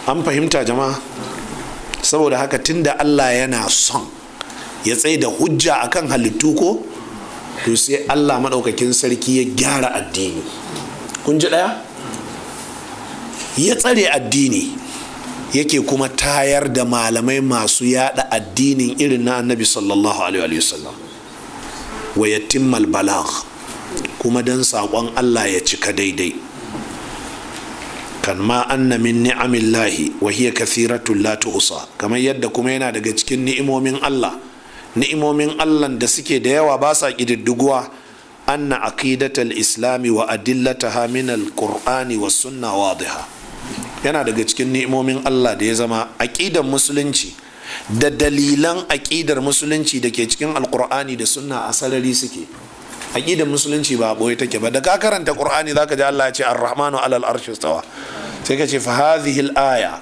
an fahimta jama'a saboda haka tunda allah yana son ya tsaye da hujja akan halittu ko to sai allah maɗaukakin sarki ya gyara addini kun ji ɗaya ya tsare addini yake kuma tayar da malamai masu yada addinin irin na annabi sallallahu alaihi wasallam wa yatimmal balagh kuma dan saƙon Allah ya cika daidai kan ma anna min ni'amillahi wa hiya kathiratu la tu'sa kamar yadda kuma yana daga cikin ni'imomin Allah ni'imomin Allah da suke da yawa ba sa kididdiguwa anna aqidatal islami wa adillataha min ƙurani wa sunna wadiha yana daga cikin ni'imomin Allah da ya zama aƙidar musulunci da dalilan aƙidar musulunci da ke cikin alkur'ani da sunna a sarari suke aƙidar musulunci ba boye take ba da ka karanta za ka ji Allah ya ce arrahmanu alal arshi tsawa sai ka ce fa hadhihi al-aya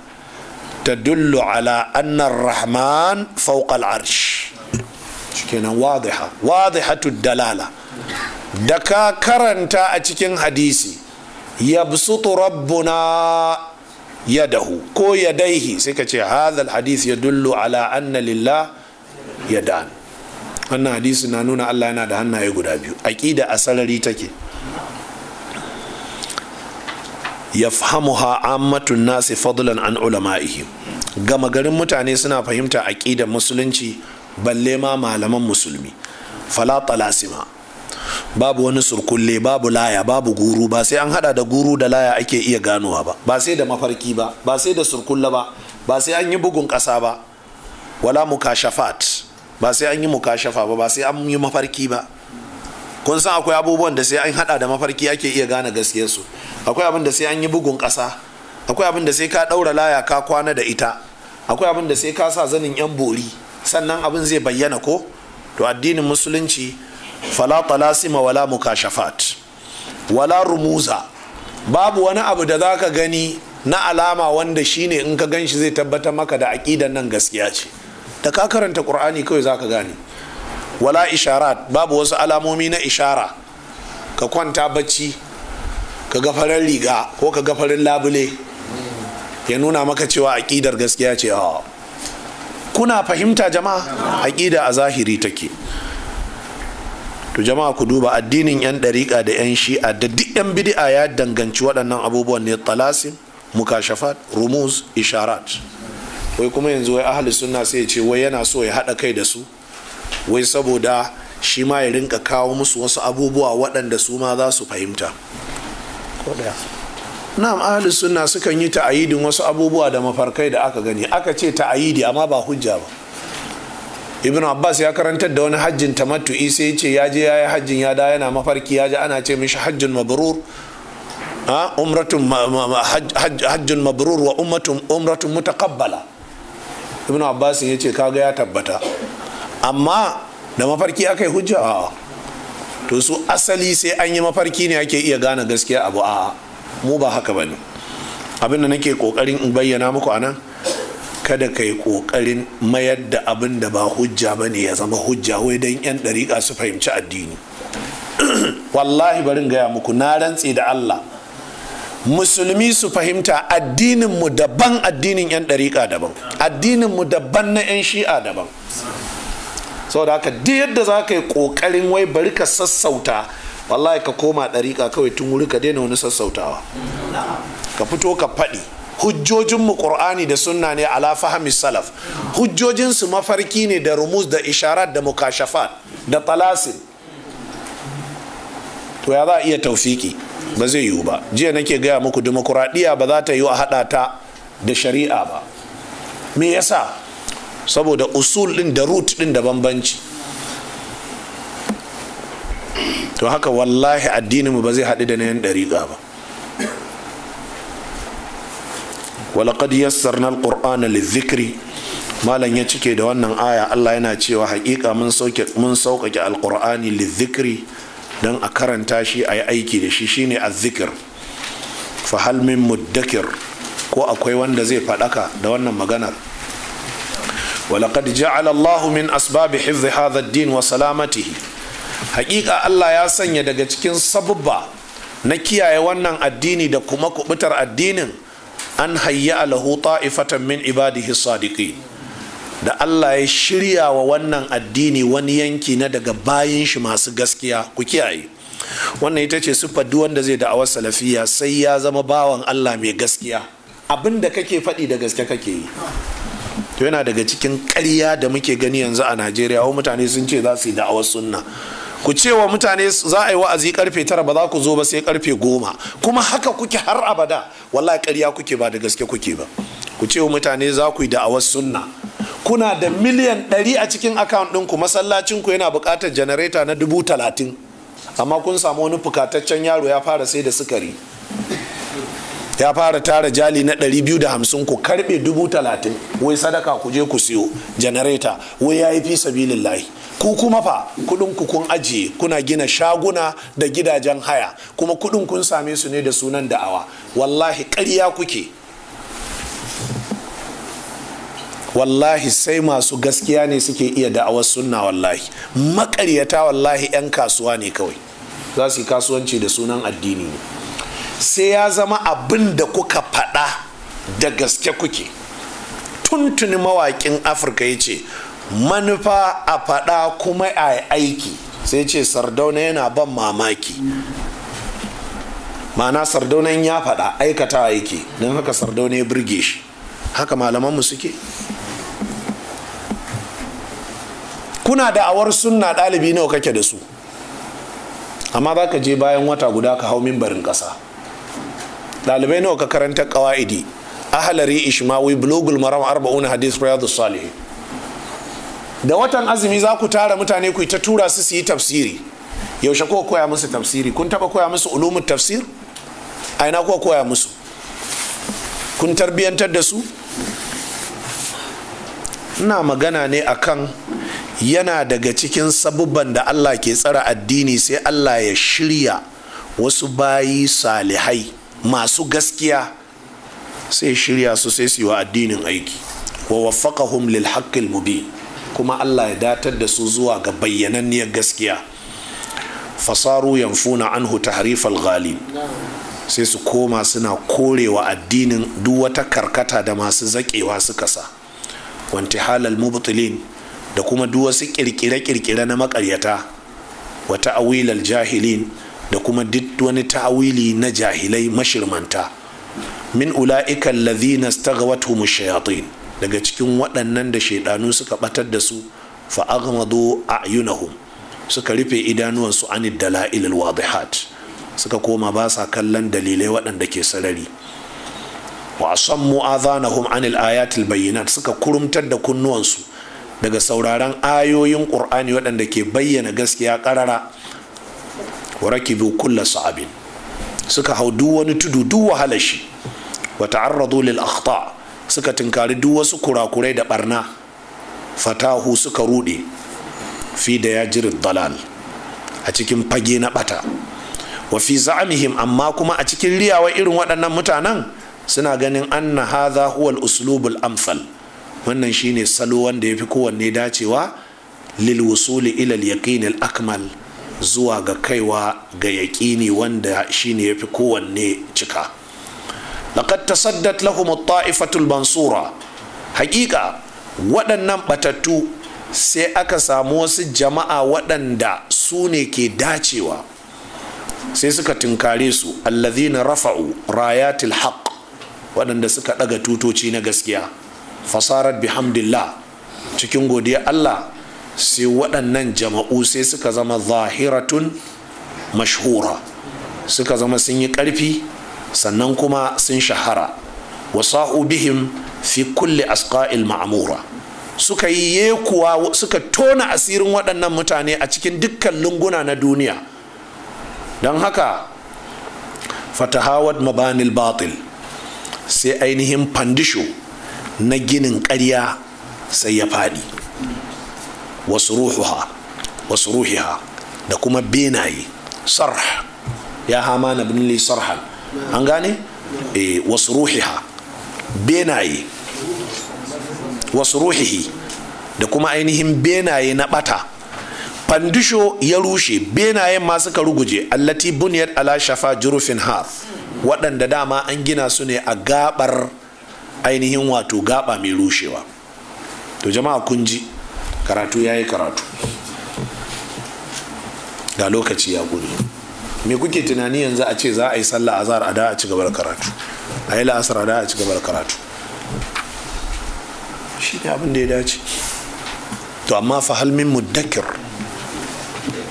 tadullu ala anna ar-rahman fawqa al shikenan wadiha wadihatu dalala da ka karanta a cikin hadisi yabsutu rabbuna yadahu ko yadaihi sai ka ce hadhal ya yadullu ala anna lillah yadan wannan hadisi na nuna Allah yana da hannaye guda biyu aqida a sarari take yafhamuha ammatun nasi fadlan an ulama'ihi gama garin mutane suna fahimta aqidar musulunci balle ma malaman musulmi fala talasima babu wani surkulle babu laya babu guru ba sai an hada da guru da laya ake iya ganowa ba ba sai da mafarki ba ba sai da surkulla ba ba sai an yi bugun ƙasa ba wala mukashafat ba sai an yi mukashafa ba ba sai an yi mafarki ba kun san akwai abubuwan da sai an hada da mafarki ake iya gane su. akwai abin da sai an yi bugun ƙasa akwai abin da sai ka ɗaura laya ka kwana da ita akwai abin da sai ka sa zanin yan bori sannan abin zai bayyana ko to addinin musulunci fala talasima wala mukashafat wala rumuza babu wani abu da za ka gani na alama wanda shine in ka ganshi zai tabbatar maka da aƙidan nan gaskiya ce da ka karanta qur'ani kawai ka gane wala isharat babu wasu alamomi na ishara ka kwanta bacci ka ga farin riga ko ka ga farin labule ya nuna maka cewa aƙidar gaskiya ce ah. kuna fahimta jama'a aƙida a zahiri take to jama'a ku duba addinin yan dariƙa da yan shi'a da duk yan bidi'a ya danganci waɗannan abubuwan ne talasim mukashafat rumuz isharat wai kuma yanzu wai ahli sunna sai ya ce wai yana so ya haɗa kai da su wai saboda shi ma ya rinka kawo musu wasu abubuwa waɗanda su ma za su fahimta na'am ahli sunna sukan yi ta'ayidin wasu abubuwa da mafarkai da aka gani aka ce ta'ayidi amma ba hujja ba ibnu abbas ya karantar da wani hajjin isa ya ce ya je ya yi hajjin ya da yana mafarki ya ji ana ce mishi hajjin mabrur umratun mabrur wa umratun mutaqabbala ibnu abbas ya ce kaga ya tabbata amma da mafarki aka yi hujja to su asali sai an yi mafarki ne ake iya gane gaskiya abu a mu ba haka bane abin da nake kokarin in bayyana muku anan kada ka yi ƙoƙarin mayar da abin da ba hujja ba ne ya zama hujja wai don 'yan ɗariƙa su fahimci addini wallahi barin gaya muku na rantse da allah musulmi su fahimta addininmu daban addinin 'yan ɗariƙa daban addininmu daban na 'yan shi'a daban saboda haka duk yadda za ka yi ƙoƙarin wai bari ka sassauta wallahi ka koma ɗariƙa kawai tun wuri ka daina wani sassautawa ka fito ka faɗi hujjojinmu qur'ani da sunna ne ala fahmi salaf hujjojinsu mafarki ne da rumus da isharat da mukashafat da talasin to ya za a iya taufiki ba zai yiwu ba jiya nake gaya muku dimokuraɗiyya ba za ta yiwu a haɗa ta da shari'a ba me yasa saboda usul ɗin da root ɗin da bambanci to haka wallahi addininmu ba zai haɗu da na yan ɗariƙa ba walaƙad na alƙur'an alizikiri malam ya cike da wannan aya Allah yana cewa hakika mun sauƙaƙe alƙur'ani lizikiri dan a karanta shi a yi aiki da shi shine azikir fa hal min muddakir ko akwai wanda zai faɗaka da wannan maganar walaƙad ja'ala Allah min asbabi hifzi hadha din wa salamatihi hakika Allah ya sanya daga cikin sabubba na kiyaye wannan addini da kuma kubutar addinin an hayya lahu ta'ifatan min ibadihi sadiqin da Allah ya shirya wa wannan addini wani yanki na daga bayan shi masu gaskiya ku kiyaye wannan ita ce siffar duk wanda zai da'awar salafiya sai ya zama bawan Allah mai gaskiya abin da kake faɗi da gaske kake yi to yana daga cikin ƙarya da muke gani yanzu a Najeriya wa mutane sun ce za su yi da'awar sunna ku ce wa mutane za a yi wa'azi karfe tara ba za ku zo ba sai karfe goma kuma haka kuke har abada wallahi karya kuke ba da gaske kuke ba ku ce wa mutane za ku yi da'awar sunna kuna da miliyan ɗari a cikin akawun ɗinku masallacinku yana buƙatar janareta na dubu talatin amma kun samu wani fukataccen yaro ya fara sai da sukari ya fara tara jali na ɗari biyu da hamsin ku karɓe dubu talatin. wai sadaka ku je ku siyo janareta wai ya yi fi sabilillahi ku kuma fa kudin ku kun ajiye kuna gina shaguna da gidajen haya kuma kudin kun same su ne da sunan da'awa wallahi ƙarya kuke wallahi sai masu gaskiya ne suke iya da'awar sunna wallahi maƙaryata wallahi 'yan kasuwa ne kawai za su yi kasuwanci da sunan addini ne sai ya zama abin da kuka faɗa da gaske kuke tuntuni mawaƙin afirka ya ce manufa a faɗa kuma a aiki sai ce sardauna yana ban mamaki ma'ana sardaunan ya faɗa aikata aiki don haka sardauna ya birge shi haka malamanmu suke kuna da awar sunna ɗalibi nawa kake da su amma za ka je bayan wata guda ka hau mimbarin ƙasa ɗalibai nawa ka karanta ƙawa'idi ahalari ishmawi bulogul maram arba'una hadis riyadu salihin da watan azumi za ku tara mutane ku ta tura su su yi tafsiri yaushe ko koya musu tafsiri kun taba koya musu ulumun tafsir a ina ko koya musu kun tarbiyantar da su ina magana ne akan yana daga cikin sabubban da Allah ke tsara addini sai Allah ya shirya wasu bayi salihai masu gaskiya sai shirya su sai su yi wa addinin aiki wa waffaqahum lil haqqil mubin kuma Allah ya datar da su zuwa ga bayyananniyar gaskiya fasaru yamfuna anhu tahrifal ghalib sai su koma suna korewa addinin duk wata karkata da masu zakewa suka sa wanti halal mubtilin da kuma duk wasu kirkire-kirkire na makaryata wa awilal jahilin da kuma duk wani ta'awili na jahilai mashirmanta min lazina allazina staghawatuhum shayatin daga cikin waɗannan da shaidanu suka batar da su fa a a'yunahum suka rufe idanuwansu anid dala'il wadihat suka koma ba sa kallon dalilai waɗanda ke sarari wa asammu adhanahum anil ayatil bayyinat suka kurumtar da kunnuwansu daga sauraron ayoyin qur'ani waɗanda ke bayyana gaskiya ƙarara wa rakibu kulla abin suka hau duk wani tudu duk wahalar shi wa ta'arradu lil akhta' suka tunkari duk wasu kurakurai da barna fatahu suka rude fi da ya dalal a cikin fage na bata wa fi za'amihim amma kuma a cikin riyawa irin waɗannan mutanen suna ganin anna hadha huwal uslubul amsal wannan shine salo wanda yafi kowanne dacewa lil wusuli ila al akmal zuwa ga kaiwa ga yaƙini wanda shine yafi kowanne cika laqad tasaddat lahum at-ta'ifatul mansura haƙiƙa waɗannan batattu sai aka samu wasu jama'a waɗanda su ne ke dacewa sai suka tunkare su allazina rafa'u rayatil haqq waɗanda suka ɗaga tutoci na gaskiya Fasarar bihamdillah cikin godiya Allah sai waɗannan jama'u sai suka zama zahiratun mashhura suka zama sun yi ƙarfi sannan kuma sun shahara wasa'u bihim fi kulli asqa'il ma'mura suka yi yekuwa suka tona asirin waɗannan mutane a cikin dukkan lunguna na duniya don haka fatahawad mabanil batil sai ainihin fandisho na ginin ƙarya sai ya faɗi wasu ruhuha ruhiha da kuma benaye sarh ya hama na sarhan an gane eh wasu ruhiha benaye wasu ruhihi da kuma ainihin benaye na bata fandisho ya rushe benayen ma suka ruguje allati bunyat ala shafa jurufin hath waɗanda dama an gina su ne a gabar ainihin wato gaba mai rushewa to jama'a kun ji karatu ya yi karatu ga lokaci ya gudu me kuke tunani yanzu a ce za a yi sallah azhar a da a ci gaba da karatu a yi la'asar a da a ci gaba da karatu shi ne abin da ya dace to amma fahalmin muddakir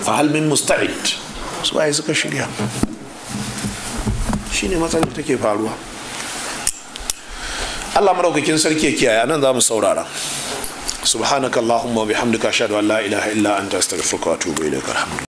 fahalmin musta'id su waye suka shirya shi ne matsalar take faruwa Allah maraukakin sarki ya kiyaye nan za mu saurara subhanakallahumma wa bihamdika ashhadu an la ilaha illa anta astaghfiruka wa atubu ilaik